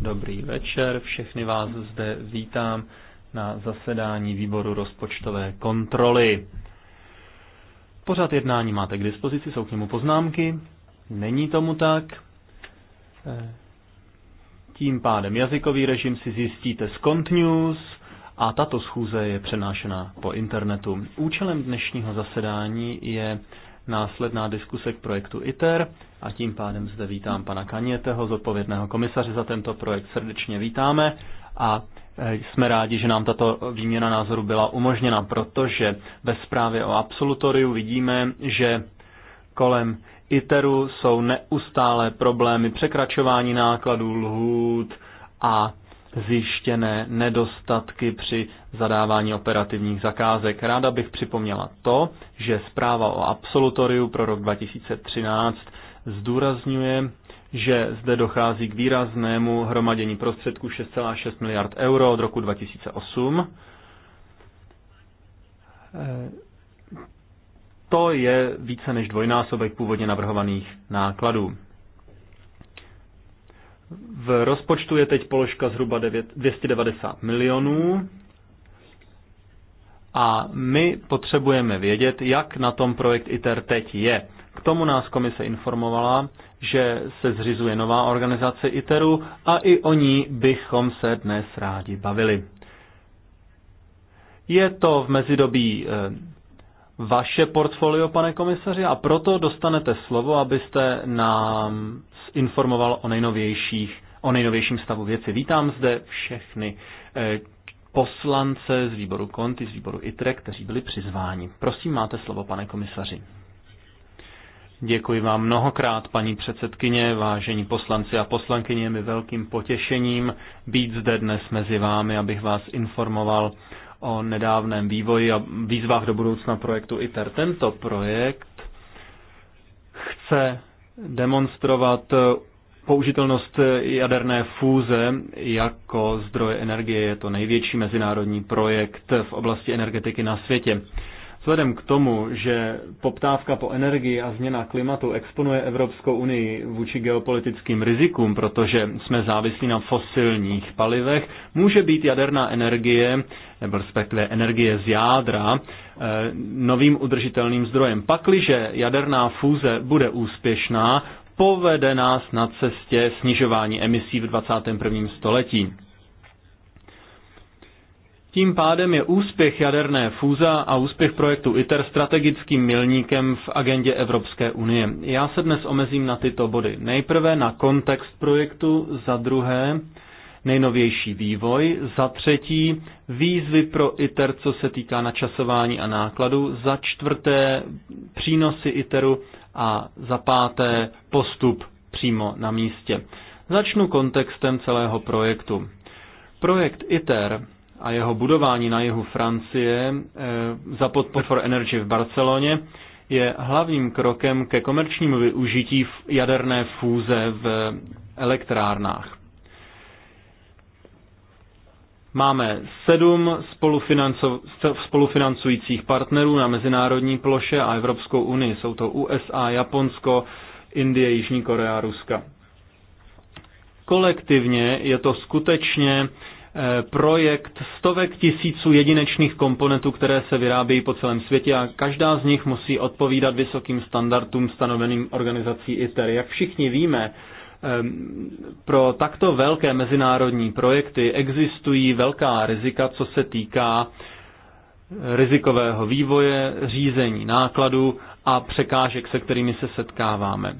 Dobrý večer, všechny vás zde vítám na zasedání výboru rozpočtové kontroly. Pořád jednání máte k dispozici, jsou k němu poznámky. Není tomu tak. Eh, tím pádem jazykový režim si zjistíte z Contnews a tato schůze je přenášena po internetu. Účelem dnešního zasedání je následná diskuse k projektu ITER a tím pádem zde vítám pana Kaněteho, zodpovědného komisaře za tento projekt. Srdečně vítáme a e, jsme rádi, že nám tato výměna názoru byla umožněna, protože ve zprávě o absolutoriu vidíme, že kolem ITERu jsou neustále problémy překračování nákladů, lhůt a zjištěné nedostatky při zadávání operativních zakázek. Ráda bych připomněla to, že zpráva o absolutoriu pro rok 2013 zdůrazňuje, že zde dochází k výraznému hromadění prostředků 6,6 miliard euro od roku 2008. E, to je více než dvojnásobek původně navrhovaných nákladů. V rozpočtu je teď položka zhruba 9, 290 milionů a my potřebujeme vědět, jak na tom projekt ITER teď je. K tomu nás komise informovala, že se zřizuje nová organizace ITERu a i o ní bychom se dnes rádi bavili. Je to v mezidobí eh, vaše portfolio, pane komisaři, a proto dostanete slovo, abyste nám informoval o, nejnovějších, o nejnovějším stavu věci. Vítám zde všechny eh, poslance z výboru Konty, z výboru ITRE, kteří byli přizváni. Prosím, máte slovo, pane komisaři. Děkuji vám mnohokrát, paní předsedkyně, vážení poslanci a poslankyně, mi velkým potěšením být zde dnes mezi vámi, abych vás informoval o nedávném vývoji a výzvách do budoucna projektu ITER. Tento projekt chce demonstrovat použitelnost jaderné fúze jako zdroje energie. Je to největší mezinárodní projekt v oblasti energetiky na světě. Vzhledem k tomu, že poptávka po energii a změna klimatu exponuje Evropskou unii vůči geopolitickým rizikům, protože jsme závislí na fosilních palivech, může být jaderná energie, nebo respektive energie z jádra, eh, novým udržitelným zdrojem. Pakliže jaderná fúze bude úspěšná, povede nás na cestě snižování emisí v 21. století. Tím pádem je úspěch jaderné fúze a úspěch projektu ITER strategickým milníkem v agendě Evropské unie. Já se dnes omezím na tyto body. Nejprve na kontext projektu, za druhé nejnovější vývoj, za třetí výzvy pro ITER, co se týká načasování a nákladu, za čtvrté přínosy ITERu a za páté postup přímo na místě. Začnu kontextem celého projektu. Projekt ITER a jeho budování na jihu Francie eh, za podporu for Energy v Barceloně je hlavním krokem ke komerčnímu využití jaderné fúze v elektrárnách. Máme sedm spolufinancujících partnerů na mezinárodní ploše a Evropskou unii. Jsou to USA, Japonsko, Indie, Jižní Korea, Ruska. Kolektivně je to skutečně Eh, projekt stovek tisíců jedinečných komponentů, které se vyrábějí po celém světě a každá z nich musí odpovídat vysokým standardům stanoveným organizací ITER. Jak všichni víme, pro takto velké mezinárodní projekty existují velká rizika, co se týká eh, rizikového vývoje, řízení nákladů a překážek, se kterými se setkáváme.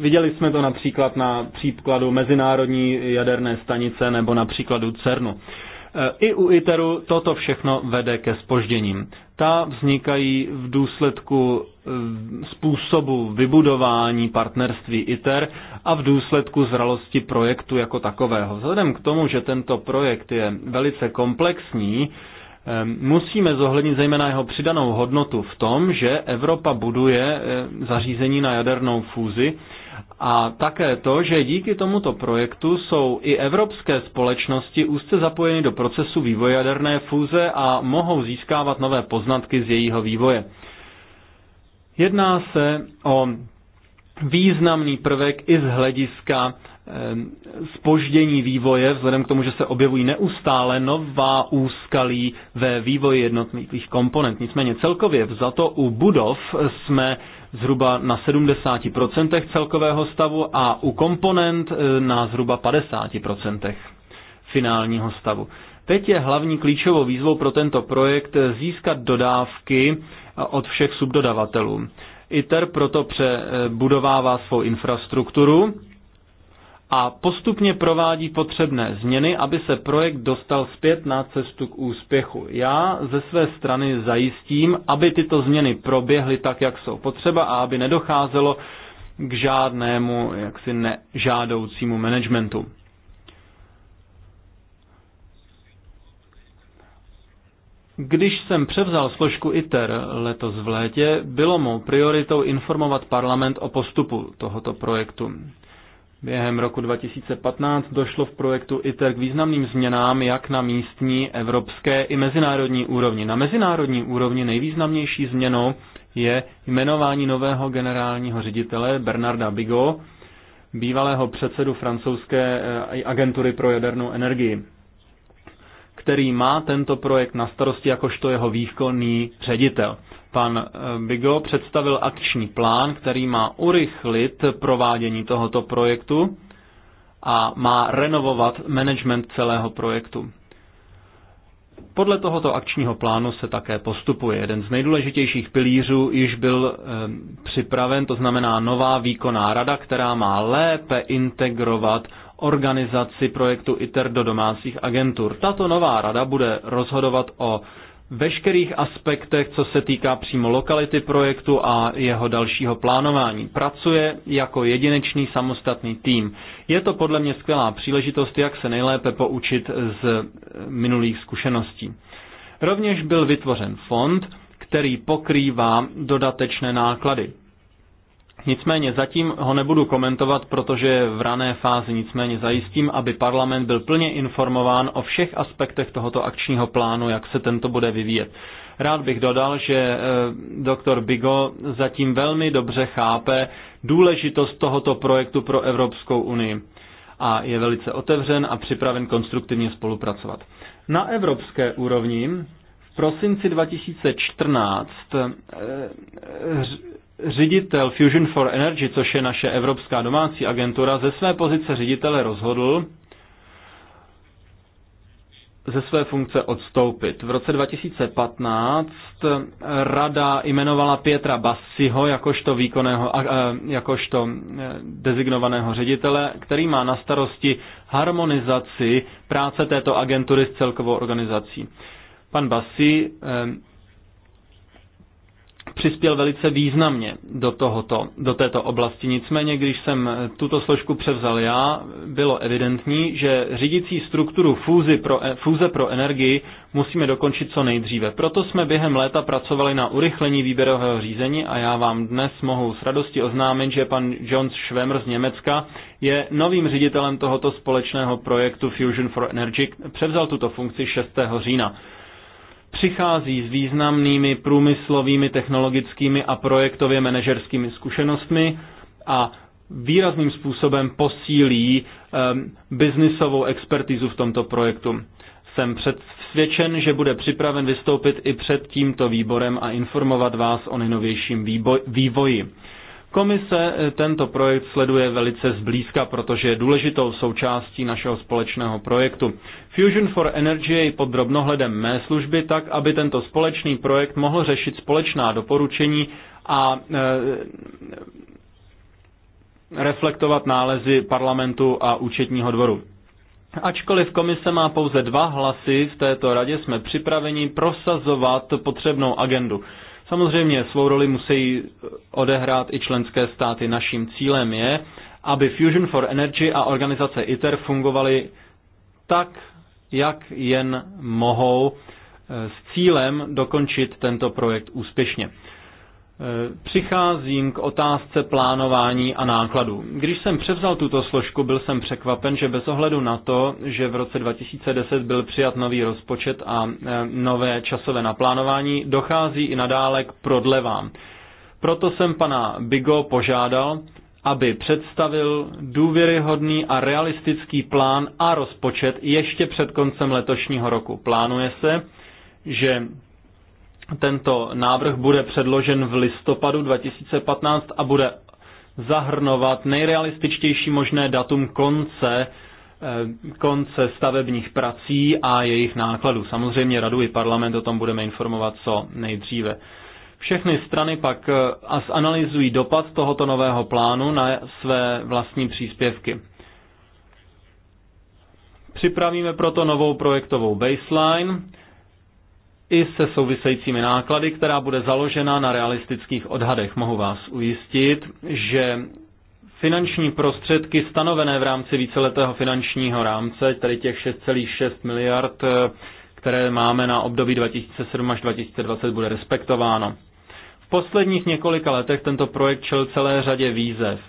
Viděli jsme to například na příkladu Mezinárodní jaderné stanice nebo na příkladu CERNu. E, I u ITERu toto všechno vede ke spožděním. Ta vznikají v důsledku e, způsobu vybudování partnerství ITER a v důsledku zralosti projektu jako takového. Vzhledem k tomu, že tento projekt je velice komplexní, e, musíme zohlednit zejména jeho přidanou hodnotu v tom, že Evropa buduje zařízení na jadernou fúzi, a také to, že díky tomuto projektu jsou i evropské společnosti úzce zapojeny do procesu vývoje jaderné fúze a mohou získávat nové poznatky z jejího vývoje. Jedná se o významný prvek i z hlediska spoždění vývoje, vzhledem k tomu, že se objevují neustále nová úskalí ve vývoji jednotlivých komponent. Nicméně celkově vzato u budov jsme zhruba na 70% celkového stavu a u komponent e, na zhruba 50% finálního stavu. Teď je hlavní klíčovou výzvou pro tento projekt získat dodávky e, od všech subdodavatelů. ITER proto přebudovává e, svou infrastrukturu a postupně provádí potřebné změny, aby se projekt dostal zpět na cestu k úspěchu. Já ze své strany zajistím, aby tyto změny proběhly tak, jak jsou potřeba a aby nedocházelo k žádnému jaksi nežádoucímu managementu. Když jsem převzal složku ITER letos v létě, bylo mou prioritou informovat parlament o postupu tohoto projektu. Během roku 2015 došlo v projektu ITER k významným změnám jak na místní, evropské i mezinárodní úrovni. Na mezinárodní úrovni nejvýznamnější změnou je jmenování nového generálního ředitele Bernarda Bigot, bývalého předsedu francouzské eh, agentury pro jadernou energii, který má tento projekt na starosti jakožto jeho výkonný ředitel. Pan eh, Bigo představil akční plán, který má urychlit provádění tohoto projektu a má renovovat management celého projektu. Podle tohoto akčního plánu se také postupuje. Jeden z nejdůležitějších pilířů již byl e, připraven, to znamená nová výkonná rada, která má lépe integrovat organizaci projektu ITER do domácích agentur. Tato nová rada bude rozhodovat o veškerých aspektech, co se týká přímo lokality projektu a jeho dalšího plánování. Pracuje jako jedinečný samostatný tým. Je to podle mě skvělá příležitost, jak se nejlépe poučit z minulých zkušeností. Rovněž byl vytvořen fond, který pokrývá dodatečné náklady. Nicméně zatím ho nebudu komentovat, protože v rané fázi nicméně zajistím, aby parlament byl plně informován o všech aspektech tohoto akčního plánu, jak se tento bude vyvíjet. Rád bych dodal, že eh, doktor Bigo zatím velmi dobře chápe důležitost tohoto projektu pro Evropskou unii a je velice otevřen a připraven konstruktivně spolupracovat. Na evropské úrovni v prosinci 2014 ředitel Fusion for Energy, což je naše evropská domácí agentura, ze své pozice ředitele rozhodl ze své funkce odstoupit. V roce 2015 rada jmenovala Pětra Bassiho jakožto, výkonného, jakožto e, dezignovaného ředitele, který má na starosti harmonizaci práce této agentury s celkovou organizací. Pan Bassi e, přispěl velice významně do, tohoto, do této oblasti. Nicméně, když jsem tuto složku převzal já, bylo evidentní, že řídící strukturu fúzy pro, e, fúze pro energii musíme dokončit co nejdříve. Proto jsme během léta pracovali na urychlení výběrového řízení a já vám dnes mohu s radostí oznámit, že pan Jones Schwemmer z Německa je novým ředitelem tohoto společného projektu Fusion for Energy. Převzal tuto funkci 6. října přichází s významnými průmyslovými, technologickými a projektově manažerskými zkušenostmi a výrazným způsobem posílí um, biznisovou expertizu v tomto projektu. Jsem přesvědčen, že bude připraven vystoupit i před tímto výborem a informovat vás o nejnovějším vývoji. Komise eh, tento projekt sleduje velice zblízka, protože je důležitou součástí našeho společného projektu. Fusion for Energy je pod drobnohledem mé služby tak, aby tento společný projekt mohl řešit společná doporučení a e, reflektovat nálezy parlamentu a účetního dvoru. Ačkoliv komise má pouze dva hlasy v této radě, jsme připraveni prosazovat potřebnou agendu. Samozřejmě svou roli musí eh, odehrát i členské státy. Naším cílem je, aby Fusion for Energy a organizace ITER fungovaly tak, jak jen mohou, eh, s cílem dokončit tento projekt úspěšně. Eh, přicházím k otázce plánování a nákladů. Když jsem převzal tuto složku, byl jsem překvapen, že bez ohledu na to, že v roce 2010 byl přijat nový rozpočet a eh, nové časové naplánování, dochází i nadále k prodlevám. Proto jsem pana Bigo požádal, aby představil důvěryhodný a realistický plán a rozpočet ještě před koncem letošního roku. Plánuje se, že tento návrh bude předložen v listopadu 2015 a bude zahrnovat nejrealističtější možné datum konce eh, konce stavebních prací a jejich nákladů. Samozřejmě radu i parlament o tom budeme informovat co nejdříve. Všechny strany pak eh, analyzují dopad tohoto nového plánu na své vlastní příspěvky. Připravíme proto novou projektovou baseline, i se souvisejícími náklady, která bude založena na realistických odhadech. Mohu vás ujistit, že finanční prostředky stanovené v rámci víceletého finančního rámce, tedy těch 6,6 miliard, které máme na období 2007 až 2020, bude respektováno. V posledních několika letech tento projekt čel celé řadě výzev.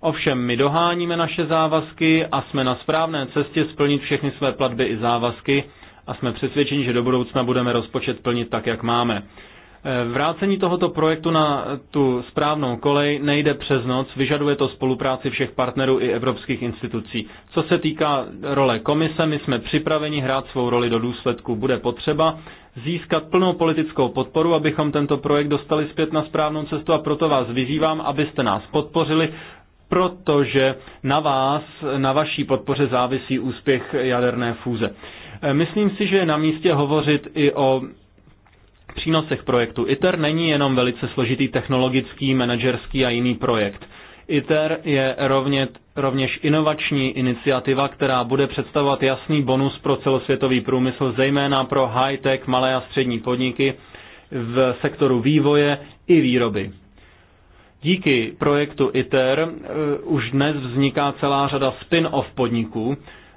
Ovšem my doháníme naše závazky a jsme na správné cestě splnit všechny své platby i závazky, a jsme přesvědčeni, že do budoucna budeme rozpočet plnit tak, jak máme. E, vrácení tohoto projektu na tu správnou kolej nejde přes noc, vyžaduje to spolupráci všech partnerů i evropských institucí. Co se týká role komise, my jsme připraveni hrát svou roli do důsledku. Bude potřeba získat plnou politickou podporu, abychom tento projekt dostali zpět na správnou cestu a proto vás vyzývám, abyste nás podpořili, protože na vás, na vaší podpoře závisí úspěch jaderné fúze. Eh, myslím si, že je na místě hovořit i o přínosech projektu. ITER není jenom velice složitý technologický, manažerský a jiný projekt. ITER je rovně, rovněž inovační iniciativa, která bude představovat jasný bonus pro celosvětový průmysl, zejména pro high-tech, malé a střední podniky v sektoru vývoje i výroby. Díky projektu ITER uh, už dnes vzniká celá řada spin-off podniků,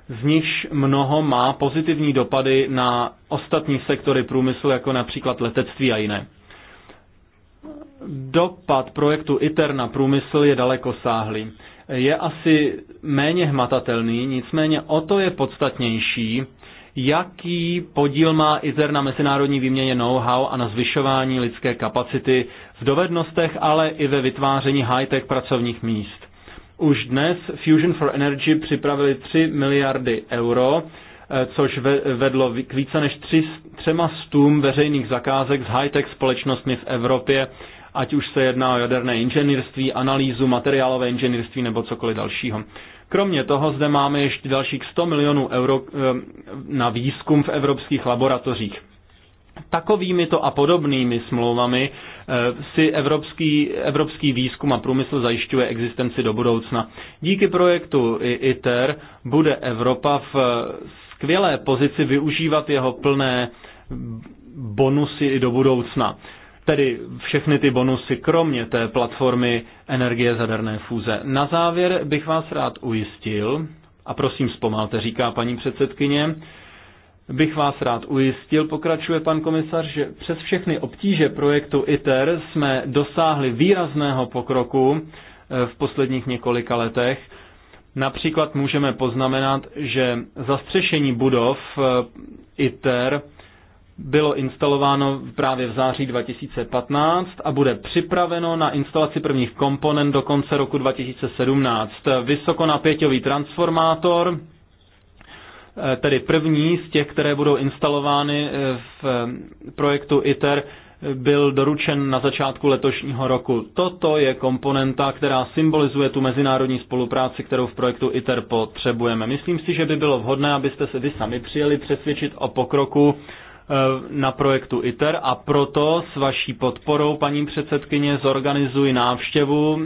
z nichž mnoho má pozitivní dopady na ostatní sektory průmyslu, jako například letectví a jiné. Dopad projektu ITER na průmysl je daleko sáhlý. Je asi méně hmatatelný, nicméně o to je podstatnější, jaký podíl má ITER na mezinárodní výměně know-how a na zvyšování lidské kapacity v dovednostech, ale i ve vytváření high-tech pracovních míst. Už dnes Fusion for Energy připravili 3 miliardy euro, eh, což vedlo k více než třema stům veřejných zakázek s high-tech společnostmi v Evropě, ať už se jedná o jaderné inženýrství, analýzu, materiálové inženýrství nebo cokoliv dalšího. Kromě toho zde máme ještě dalších 100 milionů euro eh, na výzkum v evropských laboratořích. Takovými to a podobnými smlouvami Eh, si evropský, evropský výzkum a průmysl zajišťuje existenci do budoucna. Díky projektu ITER bude Evropa v skvělé pozici využívat jeho plné bonusy i do budoucna. Tedy všechny ty bonusy, kromě té platformy energie zadarné fůze. Na závěr bych vás rád ujistil, a prosím zpomalte, říká paní předsedkyně, bych vás rád ujistil, pokračuje pan komisař, že přes všechny obtíže projektu ITER jsme dosáhli výrazného pokroku eh, v posledních několika letech. Například můžeme poznamenat, že zastřešení budov eh, ITER bylo instalováno právě v září 2015 a bude připraveno na instalaci prvních komponent do konce roku 2017. Vysokonapěťový transformátor, Eh, tedy první z těch, které budou instalovány eh, v eh, projektu ITER, byl doručen na začátku letošního roku. Toto je komponenta, která symbolizuje tu mezinárodní spolupráci, kterou v projektu ITER potřebujeme. Myslím si, že by bylo vhodné, abyste se vy sami přijeli přesvědčit o pokroku na projektu ITER a proto s vaší podporou, paní předsedkyně, zorganizuji návštěvu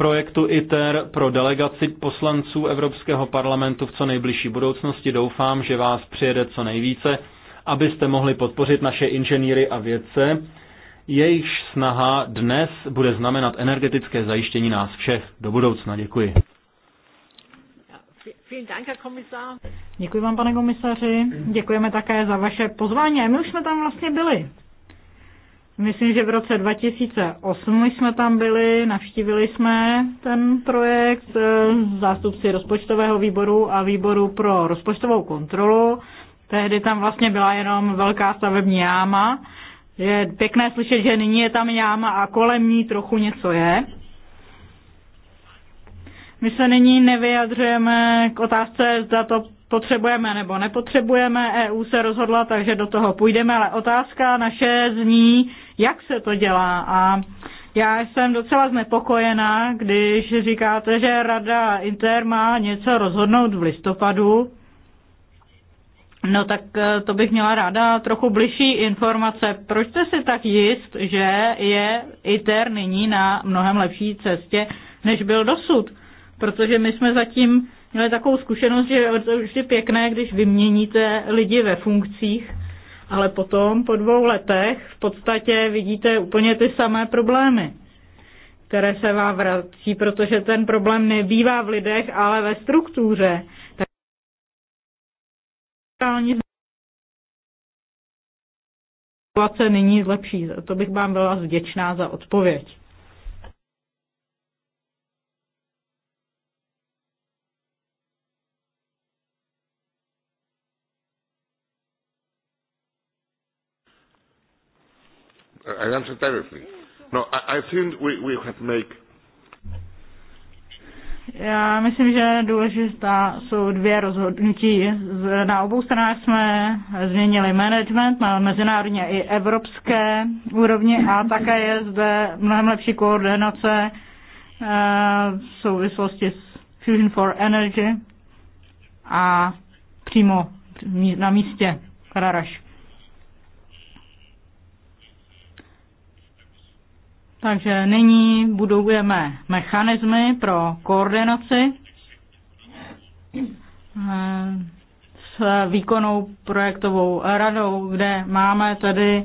projektu ITER pro delegaci poslanců Evropského parlamentu v co nejbližší budoucnosti. Doufám, že vás přijede co nejvíce, abyste mohli podpořit naše inženýry a vědce. Jejich snaha dnes bude znamenat energetické zajištění nás všech do budoucna. Děkuji. Děkuji vám, pane komisaři. Děkujeme také za vaše pozvání. My už jsme tam vlastně byli. Myslím, že v roce 2008 jsme tam byli, navštívili jsme ten projekt eh, zástupci rozpočtového výboru a výboru pro rozpočtovou kontrolu. Tehdy tam vlastně byla jenom velká stavební jáma. Je pěkné slyšet, že nyní je tam jáma a kolem ní trochu něco je. My se nyní nevyjadřujeme k otázce, zda to potřebujeme nebo nepotřebujeme, EU se rozhodla, takže do toho půjdeme, ale otázka naše zní, jak se to dělá a já jsem docela znepokojená, když říkáte, že Rada Inter má něco rozhodnout v listopadu. No tak e, to bych měla ráda trochu bližší informace. Proč jste si tak jist, že je ITER nyní na mnohem lepší cestě, než byl dosud? Protože my jsme zatím měli takovou zkušenost, že je to vždy pěkné, když vyměníte lidi ve funkcích, ale potom po dvou letech v podstatě vidíte úplně ty samé problémy, které se vám vrací, protože ten problém nebývá v lidech, ale ve struktuře. Tak situace nyní zlepší. To bych vám byla vděčná za odpověď. I answered everything. No, I, I think we, we have make já myslím, že důležitá jsou dvě rozhodnutí. Na obou stranách jsme změnili management na mezinárodně i evropské úrovni a také je zde mnohem lepší koordinace eh, v souvislosti s Fusion for Energy a přímo na místě Kararaš. Takže nyní budujeme mechanismy pro koordinaci eh, s výkonnou projektovou radou, kde máme tedy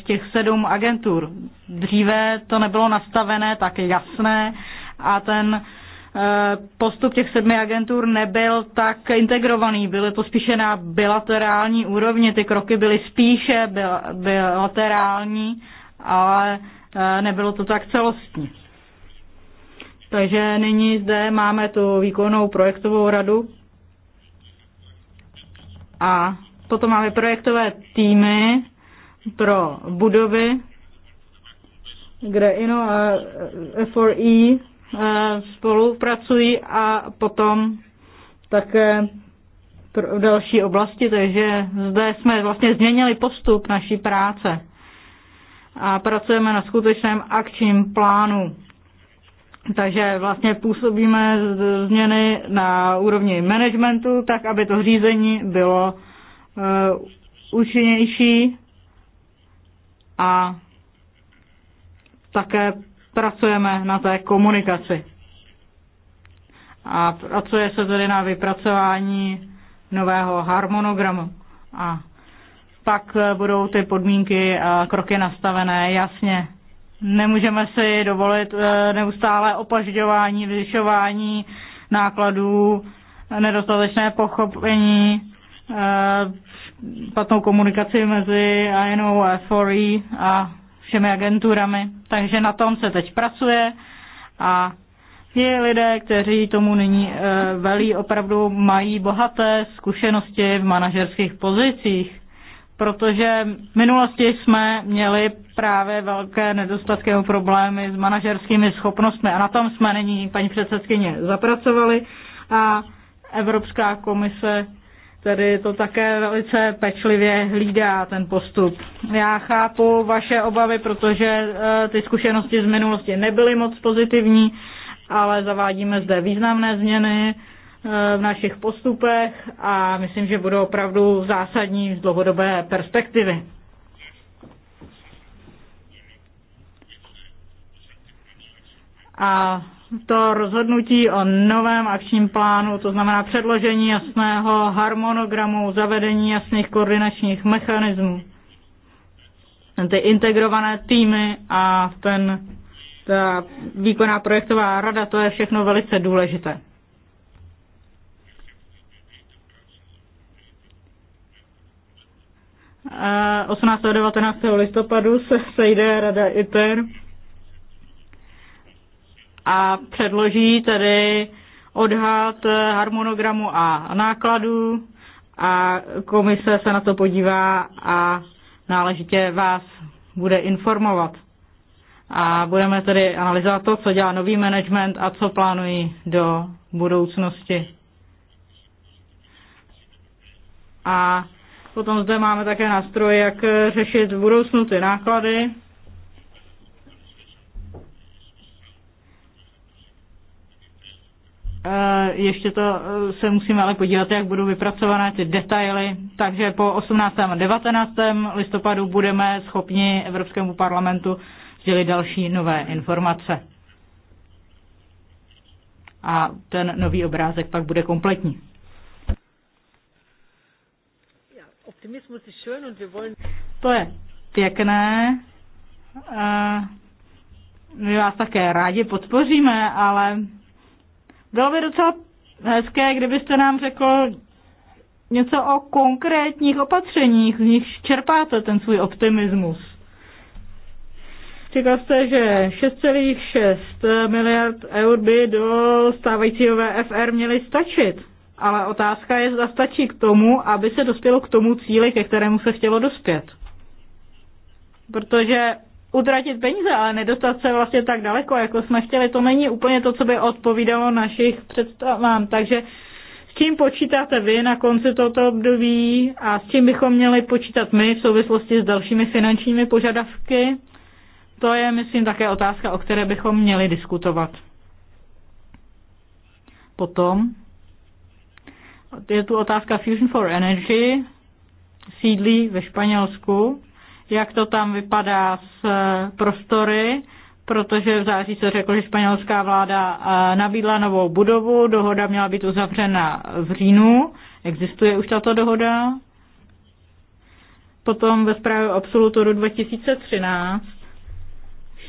z těch sedm agentur. Dříve to nebylo nastavené tak jasné a ten eh, postup těch sedmi agentur nebyl tak integrovaný, byly to spíše na bilaterální úrovni, ty kroky byly spíše bilaterální, ale Eh, nebylo to tak celostní. Takže nyní zde máme tu výkonnou projektovou radu a potom máme projektové týmy pro budovy, kde INO a eh, F4E eh, spolupracují a potom také v další oblasti, takže zde jsme vlastně změnili postup naší práce a pracujeme na skutečném akčním plánu. Takže vlastně působíme změny na úrovni managementu, tak aby to řízení bylo uh, účinnější a také pracujeme na té komunikaci. A pracuje se tedy na vypracování nového harmonogramu. A pak eh, budou ty podmínky a kroky nastavené jasně. Nemůžeme si dovolit eh, neustále opažďování, vyšování nákladů, nedostatečné pochopení, eh, špatnou komunikaci mezi INO a FORI a všemi agenturami. Takže na tom se teď pracuje a ti lidé, kteří tomu nyní velí, opravdu mají bohaté zkušenosti v manažerských pozicích protože v minulosti jsme měli právě velké nedostatky a problémy s manažerskými schopnostmi a na tom jsme nyní, paní předsedkyně, zapracovali a Evropská komise tedy to také velice pečlivě hlídá ten postup. Já chápu vaše obavy, protože eh, ty zkušenosti z minulosti nebyly moc pozitivní, ale zavádíme zde významné změny, v našich postupech a myslím, že budou opravdu zásadní z dlouhodobé perspektivy. A to rozhodnutí o novém akčním plánu, to znamená předložení jasného harmonogramu, zavedení jasných koordinačních mechanismů, ty integrované týmy a ten, ta výkonná projektová rada, to je všechno velice důležité. 18. a 19. listopadu se sejde Rada ITER a předloží tedy odhad harmonogramu a nákladu a komise se na to podívá a náležitě vás bude informovat. A budeme tedy analyzovat to, co dělá nový management a co plánují do budoucnosti. A Potom zde máme také nástroje, jak eh, řešit v budoucnu ty náklady. Eh, ještě to eh, se musíme ale podívat, jak budou vypracované ty detaily. Takže po 18. a 19. listopadu budeme schopni Evropskému parlamentu sdělit další nové informace. A ten nový obrázek pak bude kompletní. To je pěkné. My vás také rádi podpoříme, ale bylo by docela hezké, kdybyste nám řekl něco o konkrétních opatřeních, z nich čerpáte ten svůj optimismus. Říkal jste, že 6,6 miliard eur by do stávajícího VFR měly stačit ale otázka je, zda stačí k tomu, aby se dospělo k tomu cíli, ke kterému se chtělo dospět. Protože utratit peníze, ale nedostat se vlastně tak daleko, jako jsme chtěli, to není úplně to, co by odpovídalo našich představám. Takže s čím počítáte vy na konci tohoto období a s čím bychom měli počítat my v souvislosti s dalšími finančními požadavky? To je, myslím, také otázka, o které bychom měli diskutovat. Potom je tu otázka Fusion for Energy, sídlí ve Španělsku, jak to tam vypadá s eh, prostory, protože v září se řeklo, že španělská vláda eh, nabídla novou budovu, dohoda měla být uzavřena v říjnu, existuje už tato dohoda. Potom ve zprávě Absolutoru 2013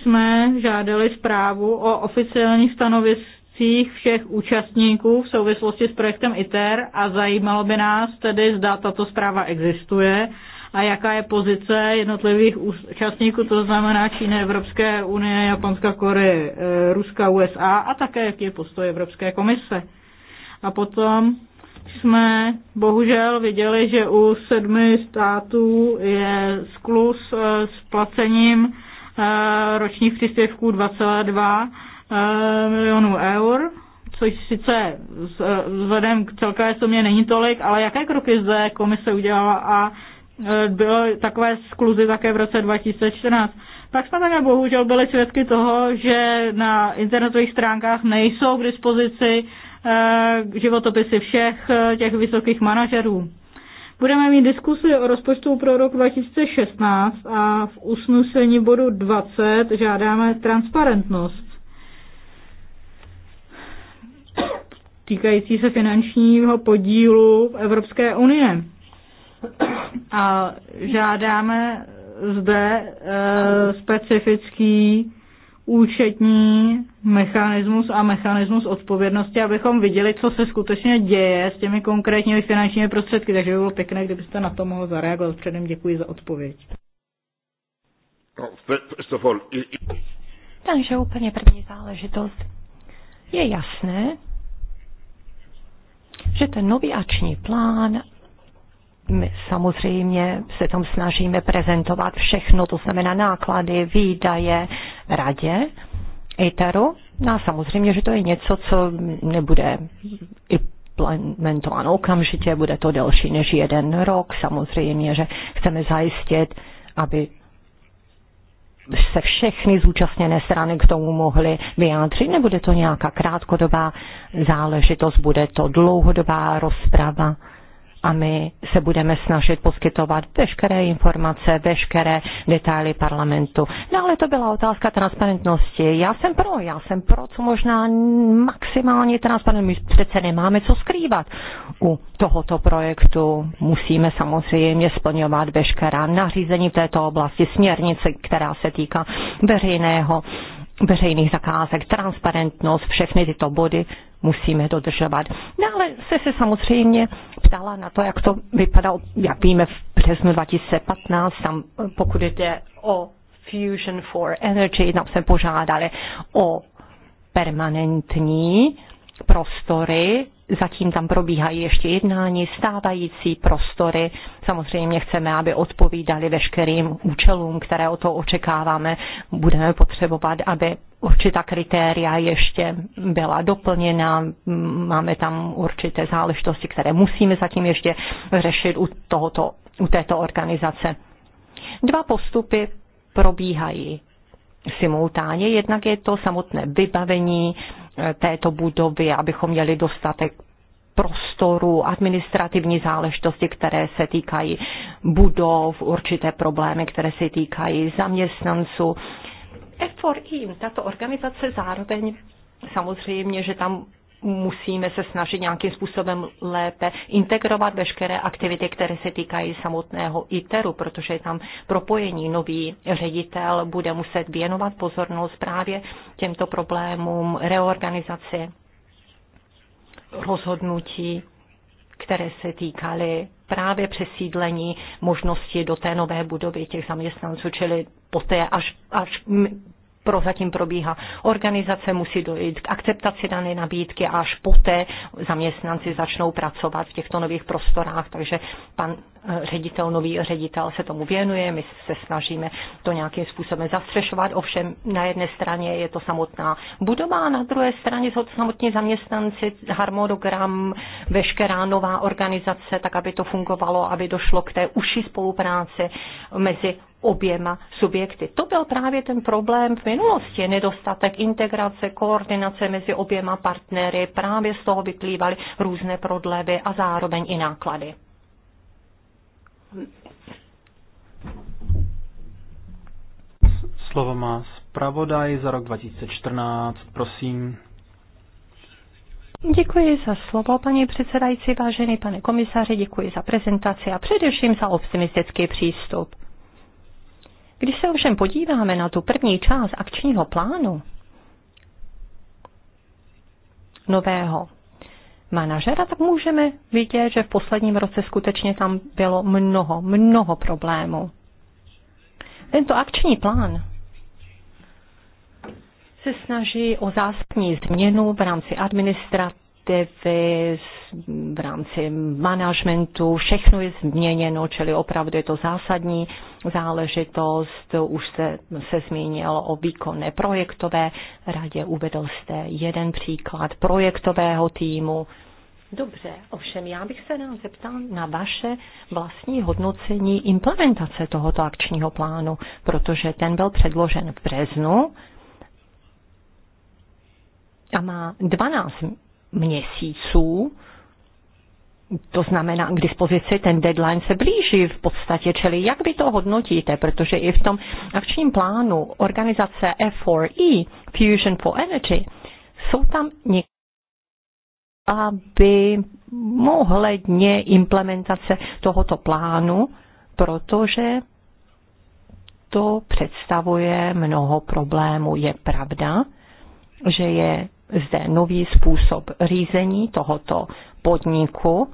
jsme žádali zprávu o oficiální stanovis reakcích všech účastníků v souvislosti s projektem ITER a zajímalo by nás tedy, zda tato zpráva existuje a jaká je pozice jednotlivých účastníků, to znamená Číny, Evropské unie, Japonska, Koreje, eh, Ruska, USA a také jaký je postoj Evropské komise. A potom jsme bohužel viděli, že u sedmi států je sklus eh, s placením eh, ročních příspěvků 2,2 Eh, milionů eur, což sice eh, vzhledem k celkové sumě není tolik, ale jaké kroky zde komise udělala a eh, bylo takové skluzy také v roce 2014. Pak jsme také bohužel byli svědky toho, že na internetových stránkách nejsou k dispozici životopisy všech těch vysokých manažerů. Budeme mít diskusi o rozpočtu pro rok 2016 a v usnesení bodu 20 žádáme transparentnost týkající se finančního podílu Evropské unie. A žádáme zde e, specifický účetní mechanismus a mechanismus odpovědnosti, abychom viděli, co se skutečně děje s těmi konkrétními finančními prostředky. Takže by bylo pěkné, kdybyste na to mohl zareagovat. Předem děkuji za odpověď. No, Takže úplně první záležitost. Je jasné, že ten nový akční plán my samozřejmě se tam snažíme prezentovat všechno, to znamená náklady, výdaje, radě, ITERu. No a samozřejmě, že to je něco, co nebude implementováno okamžitě, bude to delší než jeden rok. Samozřejmě, že chceme zajistit, aby se všechny zúčastněné strany k tomu mohly vyjádřit? Nebude to nějaká krátkodobá záležitost? Bude to dlouhodobá rozprava? a my se budeme snažit poskytovat veškeré informace, veškeré detaily parlamentu. No ale to byla otázka transparentnosti. Já jsem pro, já jsem pro, co možná maximálně transparentnost. My přece nemáme co skrývat u tohoto projektu. Musíme samozřejmě splňovat veškerá nařízení v této oblasti, směrnice, která se týká veřejného veřejných zakázek, transparentnost, všechny tyto body musíme dodržovat. No ale se se samozřejmě ptala na to, jak to vypadalo, jak víme, v březnu 2015, tam eh, pokud jde o Fusion for Energy, tam jsme požádali o permanentní prostory, zatím tam probíhají ještě jednání, stávající prostory. Samozřejmě chceme, aby odpovídali veškerým účelům, které o to očekáváme. Budeme potřebovat, aby určitá kritéria ještě byla doplněna, máme tam určité záležitosti, které musíme zatím ještě řešit u, tohoto, u této organizace. Dva postupy probíhají simultánně, jednak je to samotné vybavení eh, této budovy, abychom měli dostatek prostoru, administrativní záležitosti, které se týkají budov, určité problémy, které se týkají zaměstnanců, E F4I, e tato organizace zároveň samozřejmě, že tam musíme se snažit nějakým způsobem lépe integrovat veškeré aktivity, které se týkají samotného ITERu, protože je tam propojení. Nový ředitel bude muset věnovat pozornost právě těmto problémům reorganizaci rozhodnutí, které se týkaly právě přesídlení možnosti do té nové budovy těch zaměstnanců, čili poté, až, až prozatím probíhá organizace, musí dojít k akceptaci dané nabídky a až poté zaměstnanci začnou pracovat v těchto nových prostorách. Takže pan ředitel, nový ředitel se tomu věnuje, my se snažíme to nějakým způsobem zastřešovat, ovšem na jedné straně je to samotná budova, a na druhé straně jsou to samotní zaměstnanci, harmonogram, veškerá nová organizace, tak aby to fungovalo, aby došlo k té užší spolupráci mezi oběma subjekty. To byl právě ten problém v minulosti, nedostatek integrace, koordinace mezi oběma partnery, právě z toho vyplývaly různé prodlevy a zároveň i náklady. Slovo má zpravodaj za rok 2014, prosím. Děkuji za slovo, paní předsedající, vážený pane komisaři, děkuji za prezentaci a především za optimistický přístup. Když se ovšem podíváme na tu první část akčního plánu nového manažera, tak můžeme vidět, že v posledním roce skutečně tam bylo mnoho, mnoho problémů. Tento akční plán se snaží o zásadní změnu v rámci administrativy, v rámci managementu, všechno je změněno, čili opravdu je to zásadní záležitost. Už se, se zmínil o výkonné projektové radě, uvedl jste jeden příklad projektového týmu, Dobře, ovšem já bych se nám zeptal na vaše vlastní hodnocení implementace tohoto akčního plánu, protože ten byl předložen v březnu a má 12 měsíců, to znamená, k dispozici ten deadline se blíží v podstatě, čili jak vy to hodnotíte, protože i v tom akčním plánu organizace F4E, Fusion for Energy, jsou tam některé aby ohledně implementace tohoto plánu, protože to představuje mnoho problémů. Je pravda, že je zde nový způsob řízení tohoto podniku,